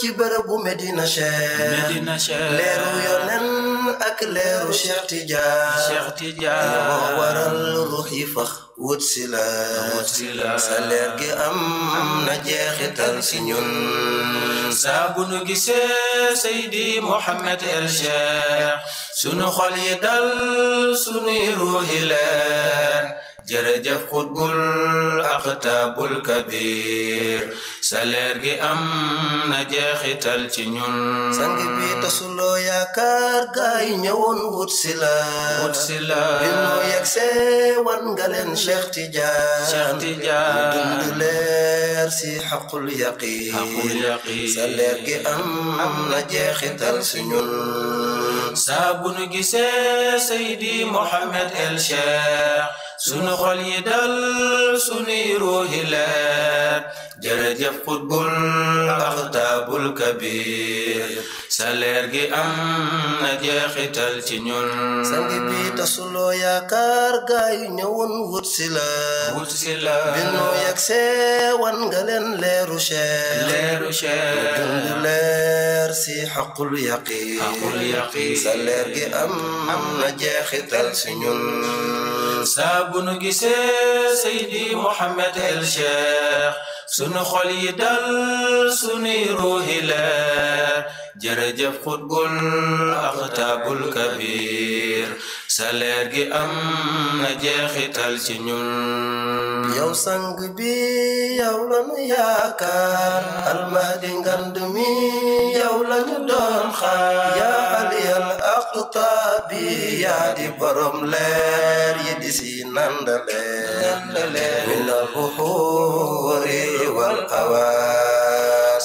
ci bërëbu Medina Cheikh Medina Cheikh leeru yonen أكلير شيخ تجا شيخ تجا ورا الروح يفخ وتسلا وتسلا سالير كي أم نجاخ تنسنون سابون كيس سيدي محمد الشيخ سنو خالي دل سني روحي لان جرجف قد أختاب الكبير sa leer gi am na jeexital ci ñun sang bi tasuloo yaakaar gaay ñëwoon wut si la wut si la bi mu yegsee wan nga leen Cheikh Tidiane Cheikh Tidiane mu dund leer si xaqul yaqin yaqin sa leer gi am am na jeexital si ñun saa bu nu gisee Seydi Mohamed El Cheikh sunu xol yi dal sunuy ruuhi leer jërëjëf xutbul axtaabul kabir sa leer gi am na jeexital ci ñun sang bi tasuloo yaakaar gaayu ñëwoon wut si la wut si la bi nu yegsee wan nga leen leeru cher leeru cher dund leer si xaqul yaqin sa leer gi am am na jeexital ci ñun saa bu nu gisee Seydi Mouhamed El Cheikh sunu xol yi dal sunuy ruuhi leer jërëjëf xutbul axtaabul kabiir sa leer gi am na jeexital ci ñun yow sang bi yow lañu yaakaar almahdi ngand mi yow lañu doon xaar yaa aliyal aqtaabi yaa di borom leer yi di si nandaleer minal buxuuri wal awaar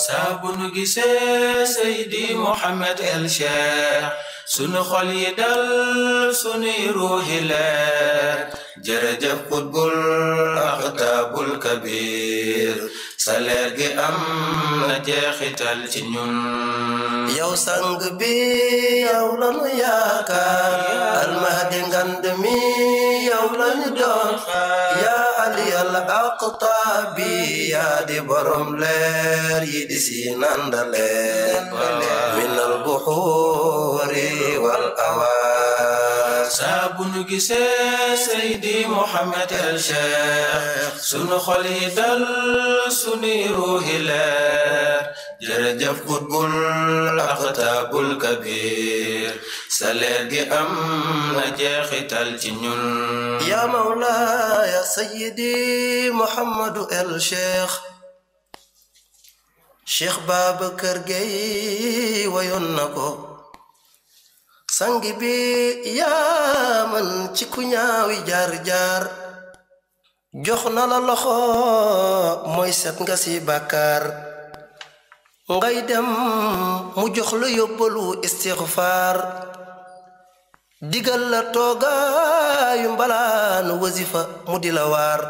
saabu nu gisee Seydi Mouhamed El sunu xol yi dal sunuy ruuxi leer jërëjëf qutbul axtaabul kabir sa leer gi am na jeexital ci ñun yow sang bi yow lanu yaakaar almahdi ngand mi yow lañu doon aqtaabi yaa di borom leer yi di min al buxuuri wal ñu gisee Seydi Mouhamed El Cheikh sunu xol yi dal sunuy ruuhi kabir sa am na jeexital ci ñun ya mawla ya Seydi Mouhamed El Cheikh Cheikh Babacar Gueye wayoon sang bi yaa ci ku ñaawi jaar-jaar jox na la loxo mooy set nga si bàkkaar ngay dem mu jox la yóbbalu istixfaar digal la toogaayu mbalaanu wasifa mu di la waar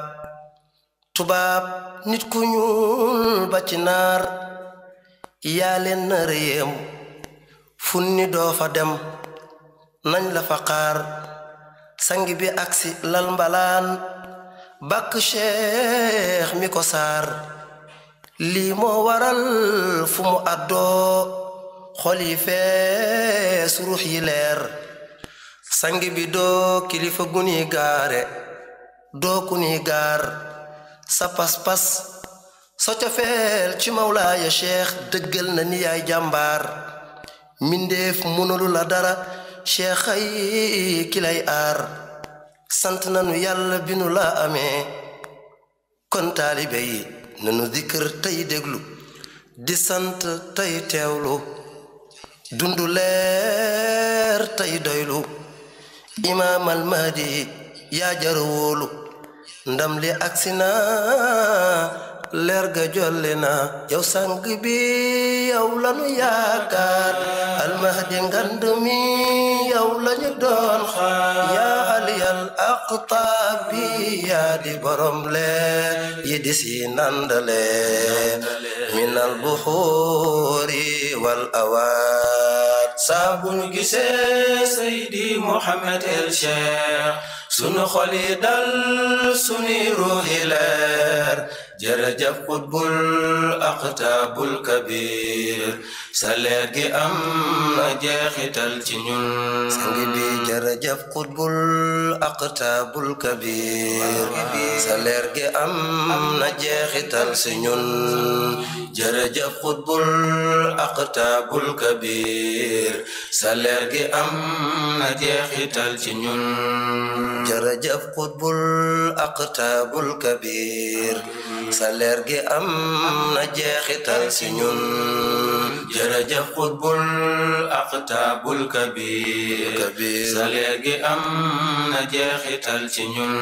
tubaab nit ku ñuul ba ci naar yaa na réyem funni doo fa dem nañ la fa sangi sang bi aksi lal mbalaan bàkk cheikh mi ko saar lii moo waral fu mu àddoo xol yi fees ruux yi leer sangi bi doo kilifa gu gaare doo ku gaar sa pas-pas sa cofeel ci mawlaaya cheikh dëggal na ni yaay jàmbaar mbindeef mënalu la dara cheikha yi ar sant nanu yàlla bi nu la ame kon taalibe yi nanu dikkër tay déglu di sant tey teewlu dundu leer tey doylu imaam almahdi yaa woolu ndam li agsi na leer ga jolli na yow sang bi yow lanu yaakaar almahdi ngand mi yow lañu doon xaar yaa aliyal aqtaabi yaa di borom leer yi di si nandale min al buxuuri wal awaat saabun gisee saydi muhammad el cheikh sunu xoli dal sunu ruuhi leer jërëjëf xutbul aqtaabul kabir saleer gi am na jeexital ci ñun sangi bi jërëjëf xutbul gi am na jeexital ci ñun jërëjëf xutbul aqtaabul kabir sa leer gi am na jeexital ci ñun jërëjëf gi am na ci ñun jërëjëf xutbul aqtaabul kabir sa leer gi am na jeexital ci ñun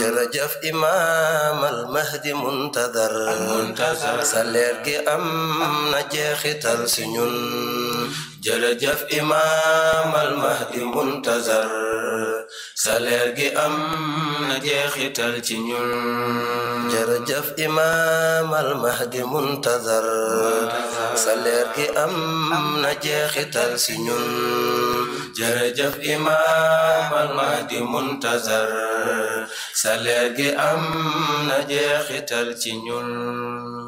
jërëjëf imaam al mahdi muntazar muntazar sa leer gi am na jeexital ci ñun jërëjëf imaam almahdi muntazar saleer gi am na jeexital ci ñun jërëjëf imaam almahdi muntazar saleer gi am na jeexital ci ñun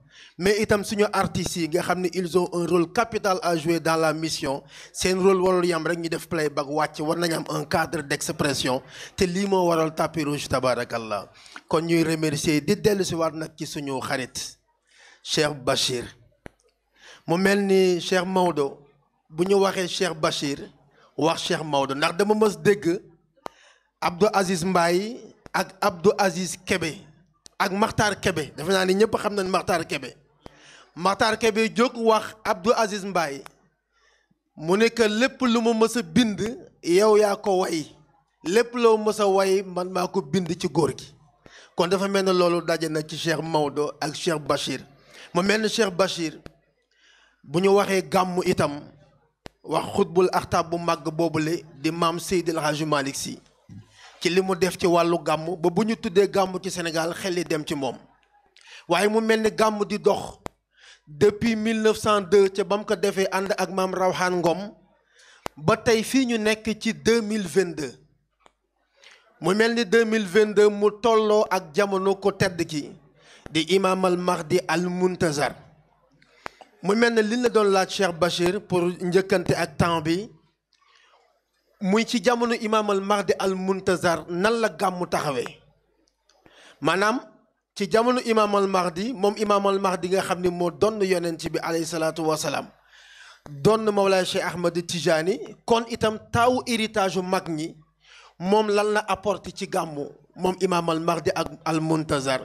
mais etam suñu artistes yi nga ils ont un rôle capital à jouer dans la mission C'est un rôle warul yam rek ñu def playback wàcc war nañu am un cadre d'expression te lii moo waral tapis rouge tabarakallah kon ñuy remercier di dellu si waat nag ci suñu xarit Cheikh Bachir mu mel ni Cheikh Maodo bu ñu waxee Cheikh Bachir wax Cheikh Maudo. ndax dama mës dégg Abdou Aziz Mbaye ak Abdou Aziz Kébé ak Makhtar Kébé defe naa ni ñëpp xam nañ Kébé Matar bi jóg wax Abdou Aziz Mbaye mu ne que lépp lu ma mës a bind yow yaa ko way lépp loo mës a way man maa ko bind ci góor gi kon dafa mel ne loolu daje na ci Cheikh Maodo ak Cheikh Bachir mu mel ni Cheikh Bachir bu ñu waxee gàmmu itam wax xutbul axtaab bu màgg boobule di maam Seydil Hadji Malick Sy ci li mu def ci wàllu gàmm ba bu ñu tuddee gàmm ci Sénégal xel dem ci moom waaye mu mel ni gàmm di dox depuis 1902 ci bam ko defé and ak mam Rawxaan Ngom ba tay fi ñu nekk ci 2022 mu melni 2022 mu tollo ak jamono ko tedd ki di imam al mahdi al muntazar mu melni li la doon la Cheikh Bachir pour ñeukante ak temps bi muy ci jamono Imam al mahdi al muntazar nan la gamu taxawé manam ci jamono imam al mahdi mom imam al mahdi nga xamni mo don yonent bi alayhi salaatu wasalaam don Mawlaay Cheikh ahmed tijani kon itam taw héritage magni mom lan la apporter ci gamu mom imam al mahdi ak al muntazar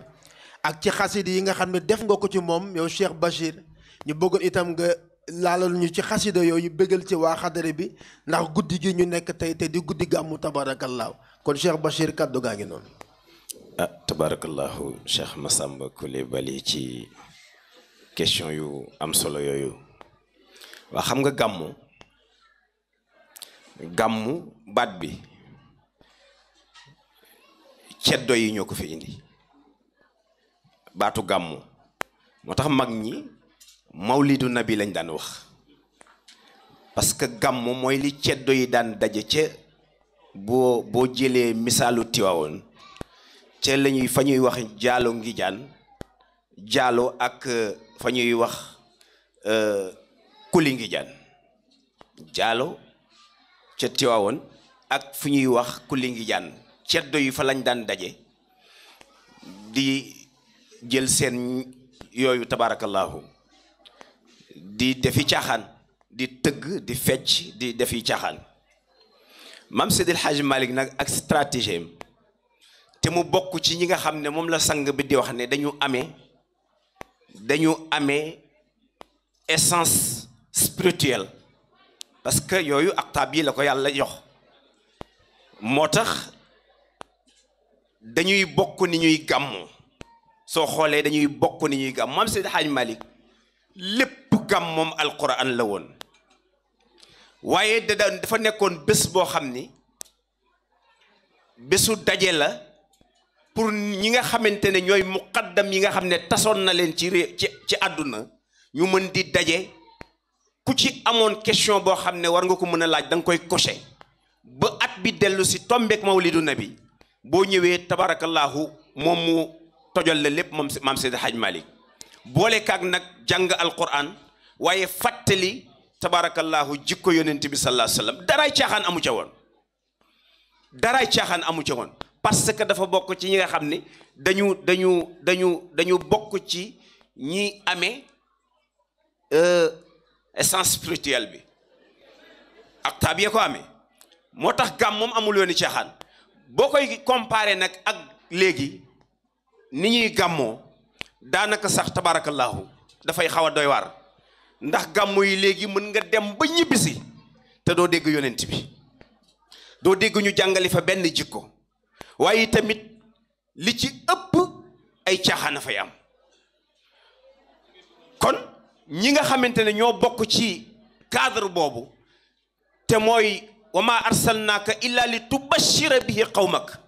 ak ci khassid yi nga xamni def nga ko ci mom yow Cheikh bashir ñu bëggoon itam nga laalal ñu ci xasida yooyu bëggal ci wa xadare bi ndax guddigi ñu nekk tay tay di guddigi gàmmu tabarakallah kon Cheikh bashir kàddu gaangi non ah tabarakallahu Cheikh Massamba Coulibaly ci question yu am solo yooyu waa xam nga gàmmu gàmmu baat bi ceddo yi ñoo ko fi indi baatu gàmmu moo tax mag ñi mawlidu nabi lañ daan wax parce que gàmmu mooy li ceddo yi daan daje ca boo boo jëlee misaalu Tiwaawoon ca la fa ñuy wax jaaloo ngi jaan jaalo ak euh, fa ñuy wax euh, kuli ngi jaan jaalo ca Tiwaawoon ak fu ñuy wax kuli ngi jaan ceddo yi fa lañ daan daje di jël seen yooyu tabaarakallaahu di defi caaxaan di tëgg di fecc di defi caaxaan maam Seydil Hadji Malick nag ak stratégie te mu bokk ci ñi nga xam ne moom la sang bi di wax ne dañu ame dañu ame essence spirituelle parce que yooyu aktaab yi la ko yàlla jox moo tax dañuy bokk ni ñuy gàmmu soo xoolee dañuy bokk ni ñuy gàmm maam Seydi Hadj Malick lépp gàmm moom alquran la woon waaye da dafa nekkoon bés boo xam ni bésu daje la pour ñi nga xamante ne ñooy muqaddam yi nga xam ne tasoon na leen ci ré ci ci àdduna ñu mën di daje ku ci amoon question boo xam ne war nga ko mën a laaj danga koy coché ba at bi dellu si tombeek mawlidu bi boo ñëwee tabarakallahu moom mu tojal la lépp moom maam Seydi malik Malick boole kaag nag jàng alquran waaye fàttali tabarakallahu jikko yonent bi sallallahu alayhi wasallam daraay caaxaan amu ca woon daraay caaxaan amu ca woon parce que dafa bokk ci ñi nga xam ni dañu dañu dañu dañu bokk ci ñi amee euh, essence spirituelle bi ak taab yee amee moo tax gàmm moom amul yooni caaxaan boo koy comparer nag ak léegi ni ñuy gàmmoo daanaka sax tabaarakallaahu dafay xaw a doy waar ndax gàmmu yi léegi mën nga dem ba ñibbisi te doo dégg yonent bi doo dégg ñu jàngale fa benn jikko waye tamit li ci ëpp ay tiaxana fay am kon ñi nga xamantene ño ñoo ci cadre bobu te moy wama arsalnaka illa li bihi qawmak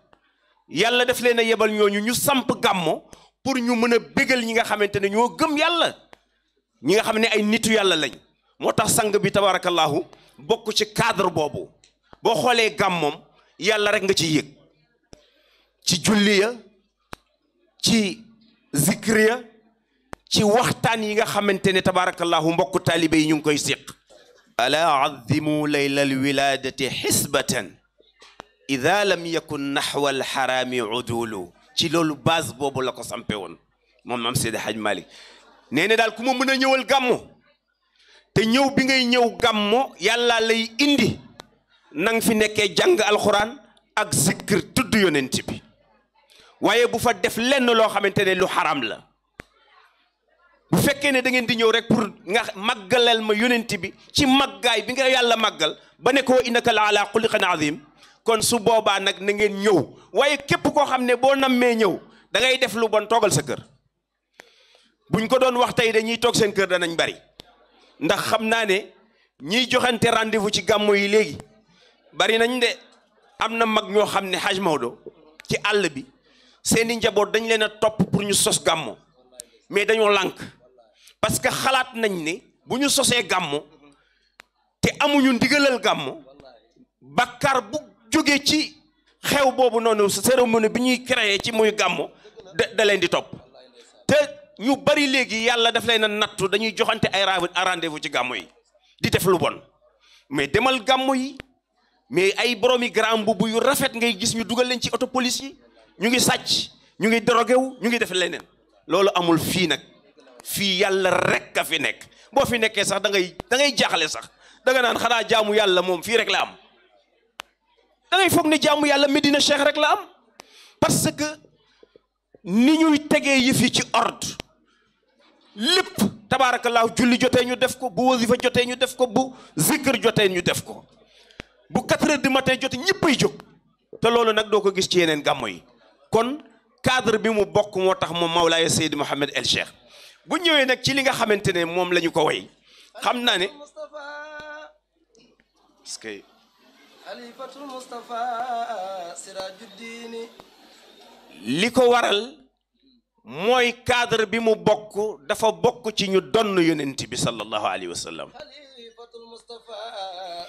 yàlla daf leena yebal ñoñu ñu samp gàmmo pour ñu mëna bëggal ñi nga xamantene ño gëm yàlla ñi nga xamne ay nitu yàlla lañ motax sang bi tabarakallah bokk ci cadre bobu bo xolé gàmmoom yàlla rek nga ci yëg ci julli ya ci zikri ya ci waxtan yi nga xamantene ne tabarakallahu mbokku taalibe ñu koy siq ala azimu laylal wiladati hisbatan idha lam yakun naxwa alxaraami udulu ci lolu base bobu lako sampe won mom mam Seydi Hadj malik neene dal kuma ku ma mën ñëwal gàmmu te ñëw bi ngay ñëw gamu yàlla lay indi nang fi nekké jàng alxuraan ak zikr tuddu yonentibi waye bu fa def lenn lo xamantene lu haram la bu fekkee ne da ngeen di ñëw rek pour nga magalel ma yonent bi ci màggaay bi nga yàlla magal ba ne ko innaka la ala xuliqan azim kon su boba nak na ngeen ñëw waye kep ko xamne bo boo nammee ñëw da ngay def lu bon togal sa kër buñ ko doon wax tay dañuy toog seen kër danañ bari ndax xamna ne ñi joxante rendez-vous ci gamu yi legi bari nañ de amna mag ñoo xamne hajj mawdo ci àll bi seeni njaboot dañ leen a topp pour ñu sos gàmmu mais dañoo lànk parce que xalaat nañ ni bu ñu sosee gàmmu te amuñu ndigalal gàmmu bàkkaar bu jógee ci xew boobu noonu cérémonie bi ñuy créé ci muy gàmmu da da leen di topp te ñu bari léegi yàlla daf leen a nattu dañuy joxante ay rendez-vous ci gàmmu yi di def lu bon mais demal gàmmu yi mais ay boroomi grand mbubb yu rafet ngay gis ñu dugal leen ci oto police yi ñu ngi sàcc ñu ngi drogué wu ñu ngi def leneen loolu amul fi nak fi yàlla rek ka fi nek bo fi nekké sax da ngay da ngay jaaxle sax da nga nan xana jaamu yàlla mom fi rek la am da ngay foog ne jaamu yàlla Medina Cheikh rek la am parce que ni ñuy téggé yëf ci ordre lépp tabarakallah julli joté ñu def ko bu wasifa joté ñu def ko bu zikr joté ñu def ko bu 4h du matin joté ñëppay jóg te loolu nak doo ko gis ci yenen gamoy kon cadre bi mu bok motax mom moom Mawlaaya Seydi Mouhamed El Cheikh bu ñewé nak ci li nga xamantene mom lañu ko way xamna ne skay que xalifatul Mustafa sirajuddin li ko waral moy cadre bi mu bok dafa bok ci ñu don yonent bi sallallahu alayhi mustafa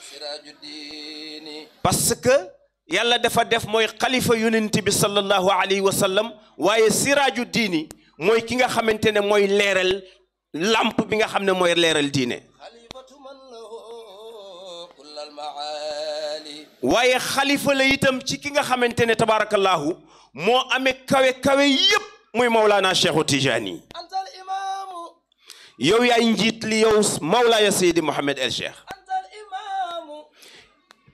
sirajuddin parce que يالا دافا داف موي خليفه يوننتي بي صلى الله عليه وسلم واي سراج الدين موي كيغا خامتيني موي ليرال لامب بيغا خامني موي ليرال دين واي خليفه لا يتم تي كيغا خامتيني تبارك الله مو امي كاوي كاوي ييب موي مولانا شيخ تيجاني يو يا نجيت لي يو مولاي سيدي محمد الشيخ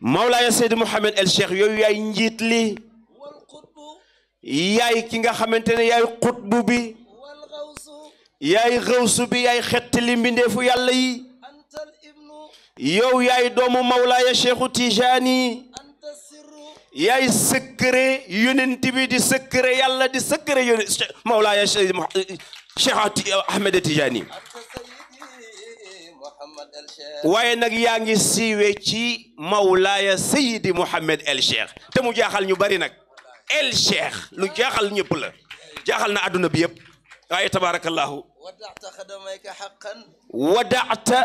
مولاي سيد محمد الشيخ يوي ياي نجيتلي ياي كيغا خامتاني ياي قطب بي ياي غوص بي ياي ختلي مندفو يالله انت الابن يو ياي دوم مولاي شيخ تيجاني ياي سكري يوننتي بي دي سكري يالله دي سكري مولاي شيخ احمد تيجاني waaye nag yaa ngi siiwee ci mawlaaya sayidi Mouhamed El Cheikh te mu jaaxal ñu bari nag El Cheikh lu jaaxal ñëpp la jaaxal na àdduna bi yëpp waaye tabaarakallaahu wadata xadamayka xaqan wadata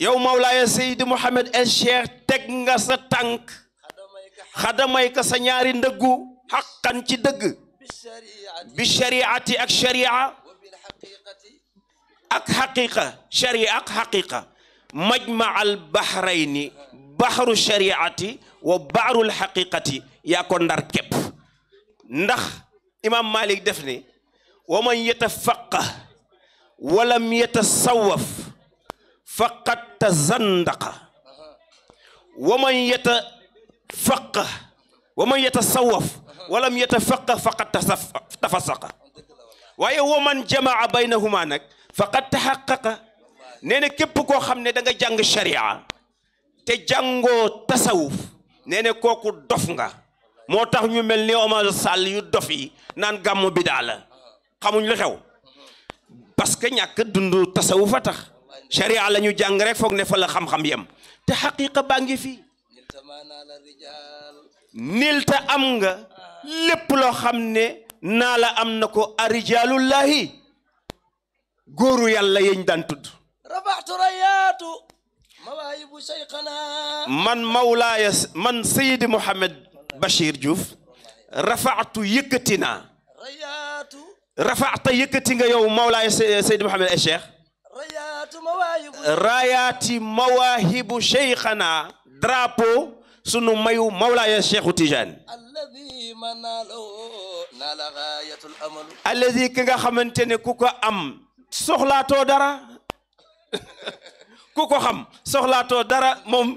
yow mawlaaya sayidi Mouhamed El Cheikh teg nga sa tànk xadamayka sa ñaari ndëggu xaqan ci dëgg bi shariati ak sharia ak xaqiqa sharia ak xaqiqa مجمع البحرين بحر الشريعه وبحر الحقيقه يا كوندار كيب نده امام مالك دفني ومن يتفقه ولم يتصوف فقد تزندق ومن يتفقه ومن يتصوف ولم يتفقه فقد تفسق ومن جمع بينهما فقد تحقق nee kep ko xamne da nga jang sharia te jango tasawuf nee koku dof nga motax ñu melni Omar Sall yu dof yi naan gàmmu xamuñ lu xew parce que tasawuf tax sharia lañu jang rek foog ne fa la xam-xam yam te haqiqa bangi fi nilta am nga lepp lo xamne nala am nako arijalullahi yeñ dan tuddu ربحت ريات مواهب شيخنا من مولاي من سيد محمد بشير جوف رفعت يكتنا ريات رفعت يكتنا يا مولاي سيد محمد الشيخ ريات مواهب رايات مواهب شيخنا درابو sunu mayu mawlaaya cheikhu tijaan alladi ki nga xamante ne ku ko am soxlaatoo dara كوكو خم سخلاتو دارا موم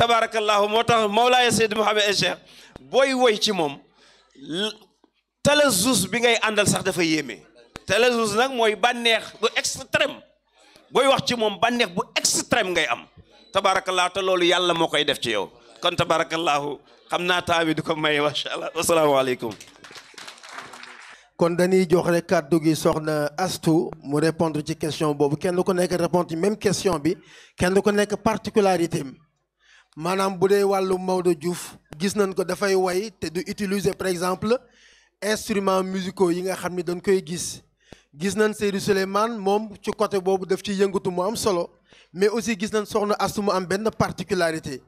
تبارك الله موتاخ مولاي سيد محمد الشيخ بوي وي تي موم تالا زوس بيغي اندال ساخ دا فا ييمي موي بانيخ بو اكستريم بوي واخ تي موم بانيخ بو اكستريم غي ام تبارك الله تا لولو يالا موكاي ديف تي يو كون تبارك الله خمنا تعبدكم ما شاء الله والسلام عليكم kon dañuy jox rek kàddu gi soxna Astou mu répondre ci question boobu kenn ku nekk répondre ci même question bi kenn ku nekk particularité Madame maanaam ou dee wàllu Maodo Diouf gis nañ ko dafay way te du utiliser par exemple instruments musicaux yi nga xam ni dañ koy gis gis nañ Seydou Souleymane mom, ci côté boobu daf ci yëngatu mu am solo mais aussi gis nañ soxna Astou mu am benn particularité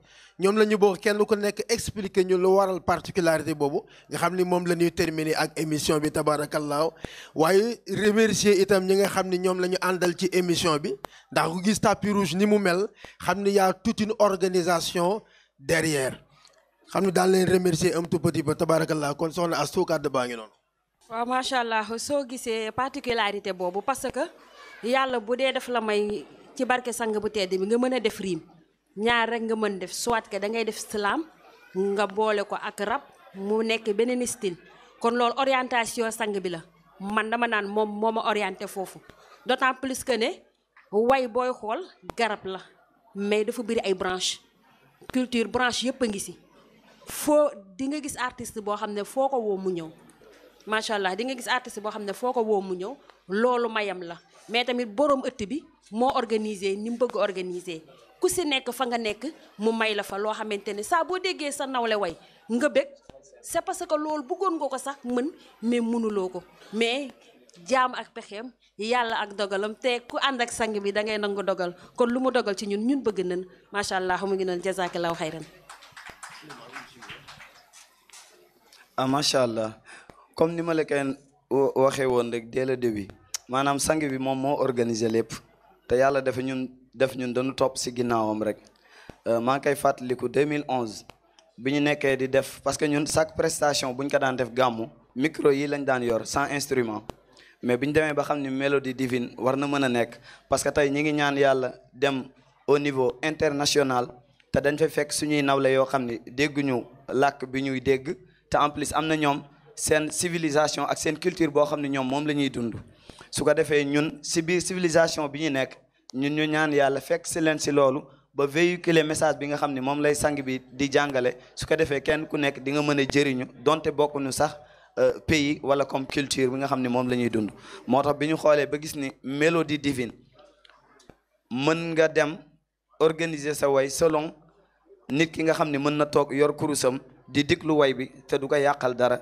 ñom lañu ñu kenn ku nekk expliquer ñu lu waral particularité bobu nga xamni mom moom terminer ak émission bi tabarakallah waye remercier itam ñi nga xamni ñom lañu andal ci émission bi ndax ku gis tapis rouge ni mu mel xamni y'a toute une organisation derrière xam dal leen remercier un tout petit peu tabarakallah kon soxna Astou kàddu baangi non wa waaw macha allah gisee particularité bobu parce que yalla bu dee def la may ci barké sang bu tedd bi nga mëna def riim. ñaar rek nga mën def soit que da ngay def slam nga boole ko ak rap mu nekk beneen style kon loolu orientation sang bi la man dama naan moom moo ma orienté foofu d'autant plus que ne way booy xool garab la mais dafa biri ay branche culture branche yëpp a ngi si foo di nga gis artiste boo xam ne foo ko woo mu ñëw macha allah di nga gis artiste boo xam ne foo ko woo mu ñëw loolu mayam la mais tamit borom ëtt bi moo organisé ni mu bëgg organiser ku si nekk fa nga nekk mu may la fa loo xamante ne saa boo déggee sa nawle way nga bëgg c'est parce que loolu bëggoon nga ko sax mën mais mënuloo ko mais jaam ak pexeem yàlla ak dogalam te ku ànd ak sang bi da ngay nangu dogal kon lu mu dogal ci ñun ñun bëgg nañ macha allah mu ngi noonu jazakallahu xayran. ah macha allah comme ni ma la koy waxee woon rek dès le début maanaam sang bi moom moo organiser lépp te yàlla dafa ñun. def ñun dañu top ci ginnaawam rek euh, maa ngi koy fàttaliku 2011 biñu nekké di def parce que ñun chaque prestation buñ ko daan def gamu micro yi lañ daan yor sans instrument mais bi ñu ba xamni ni mélodie divine war na mën nekk parce que tay ñi ngi ñaan yalla dem au niveau international té dañ fay fekk suñuy nawle yo xamni déggu ñu làkk biñuy dégg té en plus amna ñom sen civilisation ak sen culture bo xamni ñom mom lañuy dund su ko defee ñun ci biir civilisation biñu ñu nekk ñun ñu ñaan yàlla fekk si leen si loolu ba véhiculer message bi nga xam ne moom lay sang bi di jàngale su ko defee kenn ku nekk dinga mën a jëriñu donte bokkuñu sax euh, pays wala comme culture bi nga xam ne moom la ñuy dund moo tax bi ñu xoolee ba gis ni mélodie divine mën nga dem organiser sa way salon nit ki nga xam ne mën na toog yor kurusam di déglu way bi te du ko yàqal dara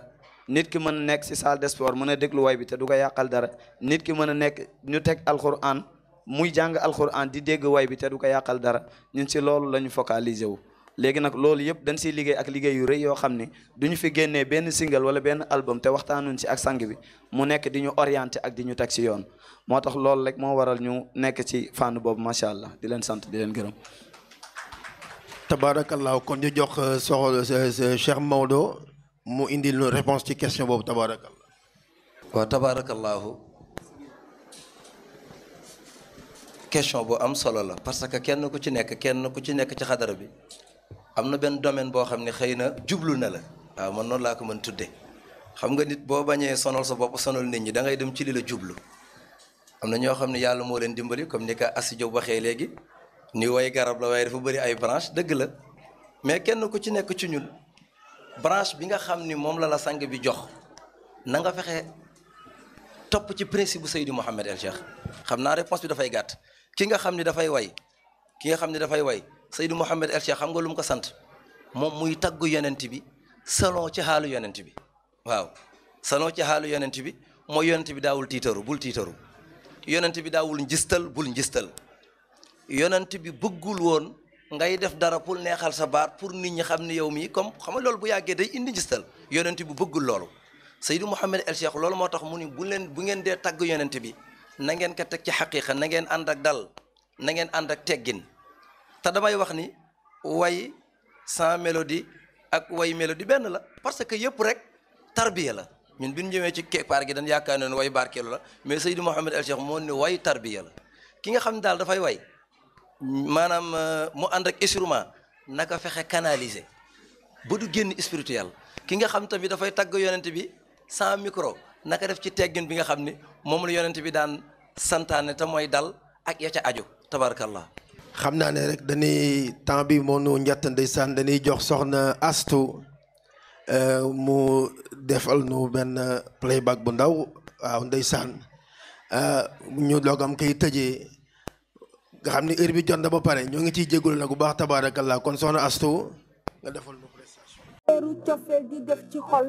nit ki mën nekk si salle de sport mën a déglu bi te du ko yàqal dara nit ki mën a nekk ñu teg alxuraan muy jàng alxuraan di dégg way bi te du ko yàqal dara ñun si loolu la ñu focaliser wu. léegi nag loolu yëpp dañu siy liggéey ak liggéey yu rëy yoo xam ni du ñu fi génnee benn single wala benn album te waxtaanuñ si ak sang bi mu nekk di ñu orienté ak di ñu teg si yoon moo tax loolu rek moo waral ñu nekk ci fànn boobu macha allah di leen sant di leen gërëm. tabaarakallaahu kon ñu jox euh, soxo euh, euh, Cheikh Maodo mu indil réponse ci question boobu tabaarakallaahu. waaw tabaarakallaahu question boo am solo la parce que kenn ku ci nekk kenn ku ci nekk ci xadara bi am na benn domaine boo xam ne xëy na jublu na la waaw man noonu laa ko mën tuddee xam nga nit boo bañee sonal sa bopp sonal nit ñi da ngay dem ci li la jublu am na ñoo xam ne yàlla moo leen dimbali comme ni ko Asi Diop waxee léegi ni way garab la waaye dafa bëri ay branche dëgg la mais kenn ku ci nekk ci ñun branche bi nga xam ni moom la la sang bi jox na nga fexe topp ci principe bu Seydi Mouhamed El Cheikh xam naa réponse bi dafay gàtt ki nga xamni da fay way ki nga xamni da fay way Seydou mohammed El Cheikh xam nga lum ko sante mom muy taggu yonenti bi selon ci halu yonenti bi waw selon ci halu yonenti bi mo yonenti bi dawul titeru bul titeru yonenti bi dawul njistal bul njistal yonenti bi bëggul won ngay def dara pour neexal sa bar pour nit ñi xamni yow mi comme xam lool bu yagge day indi njistal yonenti bi bëggul lool Seydou mohammed El Cheikh lool motax mu ni bu len bu ngeen de tagg yonenti bi na ngeen ko teg ci xaqiqa na ngeen ànd ak dal na ngeen ànd ak teggin te damay wax ni way sans mélodie ak way mélodie benn la parce que yëpp rek tarbiya la ñun bi ñu ci keppaar gi dañ yaakaar ne way barkeelu la mais Seydi Mouhamed El Cheikh moo ne way tarbiya la ki nga xam ne daal dafay way maanaam euh, mu ànd ak instrument naka fexe canaliser ba du génn spirituel ki nga xam tamit dafay tagg yonent bi sans micro naka def ci teggin bi nga xam ni moom la yonent bi daan santaane ta mooy dal ak ya ajo aju tabarakallah xam naa ne rek dañuy temps bi moo nu njëtt ndeysaan dañuy jox soxna astu euh, mu defal nu benn playback bu ndaw waaw ndeysaan euh, ñu loogam koy tëje nga xam ni heure bi jot na ba pare ñoo ngi ciy jégalu nag bu baax tabarakallah kon soxna astu nga defal nu prestation cofeel di def ci xol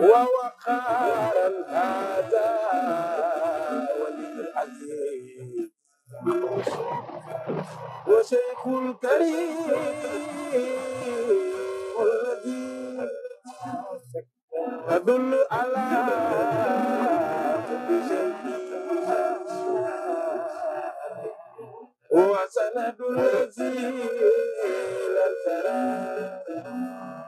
ووقارا هذا وللعزيز وشيخ الكريم الذي أدل على كل شيء وسند الذي لا ترى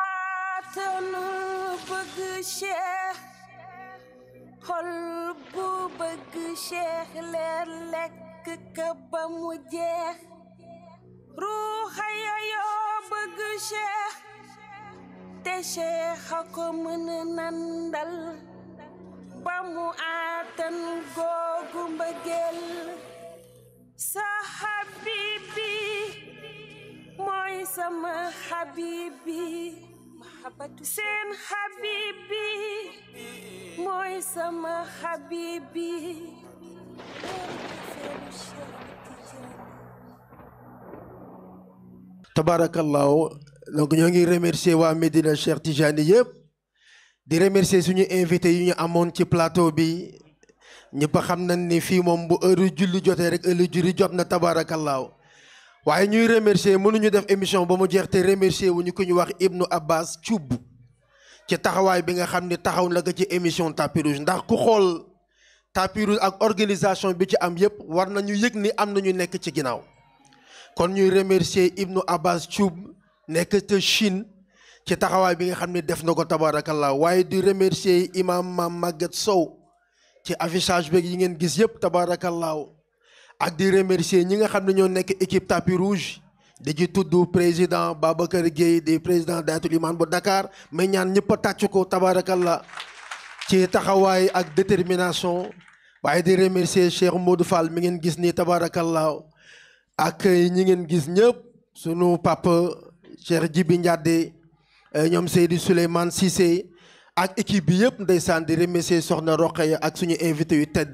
kàttanu bëgg Cheikh xol bu bëgg Cheikh leer lekk ka ba mu jeex ruuxaya yoo bëgg Cheikh te Cheikh a ko mën a nandal ba mu aatan googu mbëggeel sa habibi mooy sama habibi Sen habibi Moy sama habibi Tabarakallah donc ñoo ngi remercier wa Medina Cheikh Tijani yëpp di remercier suñu invité yu ñu amone ci plateau bi ñëpp xam nañ ni fi mom bu heure julli joté rek heure julli jot na tabarakallah waaye ñuy remercier mënuñu def émission ba mu jeex te remercier wu ñu ko ñu wax Ibnu Abbas Thioub ci taxawaay bi nga xam ne taxaw na ko ci émission tapis ndax ku xool tapis ak organisation bi ci am yépp war nañu yëg ni am na nañu nekk ci ginnaaw kon ñuy remercier Ibnu Abbas Thioub nekk te Chine ci taxawaay bi nga xam ne def na ko tabarakallah waaye di remercier imam maam Maguette Sow ci affichage beeg yi ngeen gis yépp tabarakallah ak di remercier ñi nga xam ñoo nek équipe tapis rouge De ci tudd président Babacar Gueye des président Dayatul Iman bu Dakar mais ñaan ñepp a ko tabarakallah ci taxaway ak détermination waye di remercier Cheikh Modou Fall mi ngeen gis ni tabarakallah ak ñi ngeen gis ñepp sunu papa Cheikh Djibi Ndiadé euh, ñoom Seydou Souleymane Cissé ak équipe bi yëpp ndeysaan di remercier Soxna Roqaya ak suñu invité yu tedd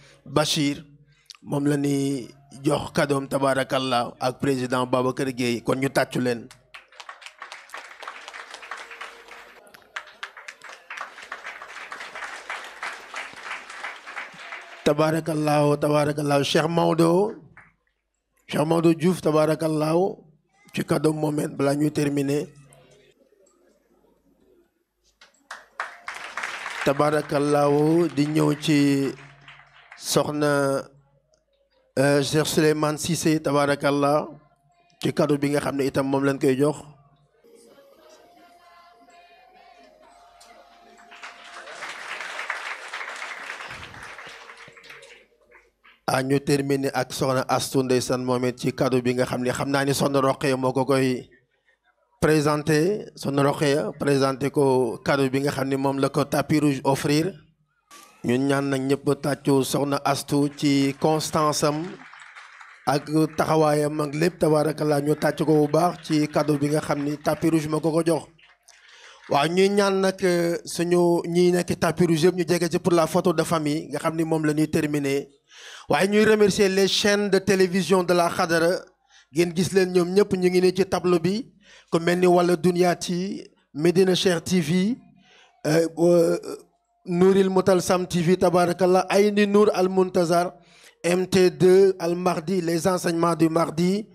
Bachir moom la ni jox kàddoom tabaarakallaa ak président Babacar Gueye kon ñu tàccu leen tabaarakallaahu tabaarakallaahu Cheikh Maodo Cheikh Maodo Diouf tabaarakallaahu ci kàddoom moomeen balaa ñuy terminer tabaarakallaahu di ñëw ci soxna euh, Cheikh Souleymane Cissé tabarakallah ci cadeau bi nga xamné itam mom lañ koy jox a ñu terminé ak soxna Astou ndeysaan momit ci cadeau bi nga xamné xamna ni soxna Roqeya moo koy présenté son Roqeya présenté ko cadeau bi nga xamné mom moom la ko tapis rouge offrir ñu ñaan nag ñëpp tàccu soxna astu ci constance am ak taxawaayam ak lépp tabaarakallaa ñu tàcc ko bu baax ci cadeau bi nga xam ni tapis rouge ma ko ko jox waaw ñuy ñaan nag euh, suñu ñi nekk tapis rouge yëpp ñu jege ci pour la photo de famille nga xam ni moom la ñuy terminer waaye ñuy remercier les chaînes de télévision de la Khadara ngeen gis leen ñoom ñëpp ñu ngi ne ci tableau bi ku mel ni wala Dunya ti Medina cher TV euh, euh, Nouril Moutalsam TV, Tabarakallah, Aïni Nour Al-Muntazar, MT2 Al-Mardi, les enseignements du mardi,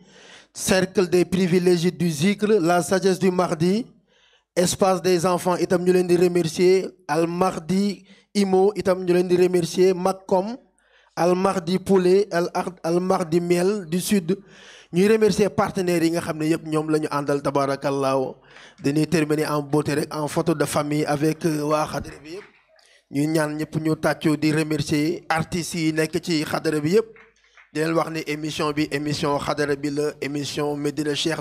Cercle des privilégiés du Zikr, la sagesse du mardi, Espace des enfants, itam ñu leen remercier, Al-Mardi Imo, itam ñu leen remercier, Maccom, Al-Mardi Poulet, Al-Mardi Miel du Sud, Nous remercions les partenaires qui nga xam de terminer en beauté en photo de famille avec euh, waa nous ñaan remercier les remercier artistes qui ont ci bi émission bi émission xadara bi la émission Cheikh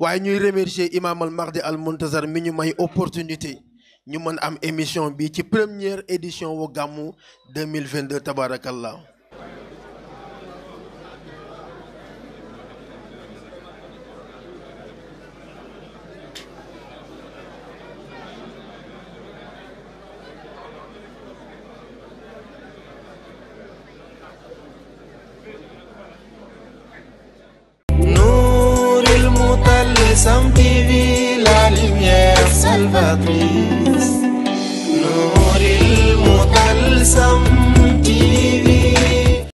Al Mahdi Al Muntazar mi opportunité émission première édition de Gamou 2022 tabarakallah BSM TV, la lumière salvatrice. Nouril Mutalsam.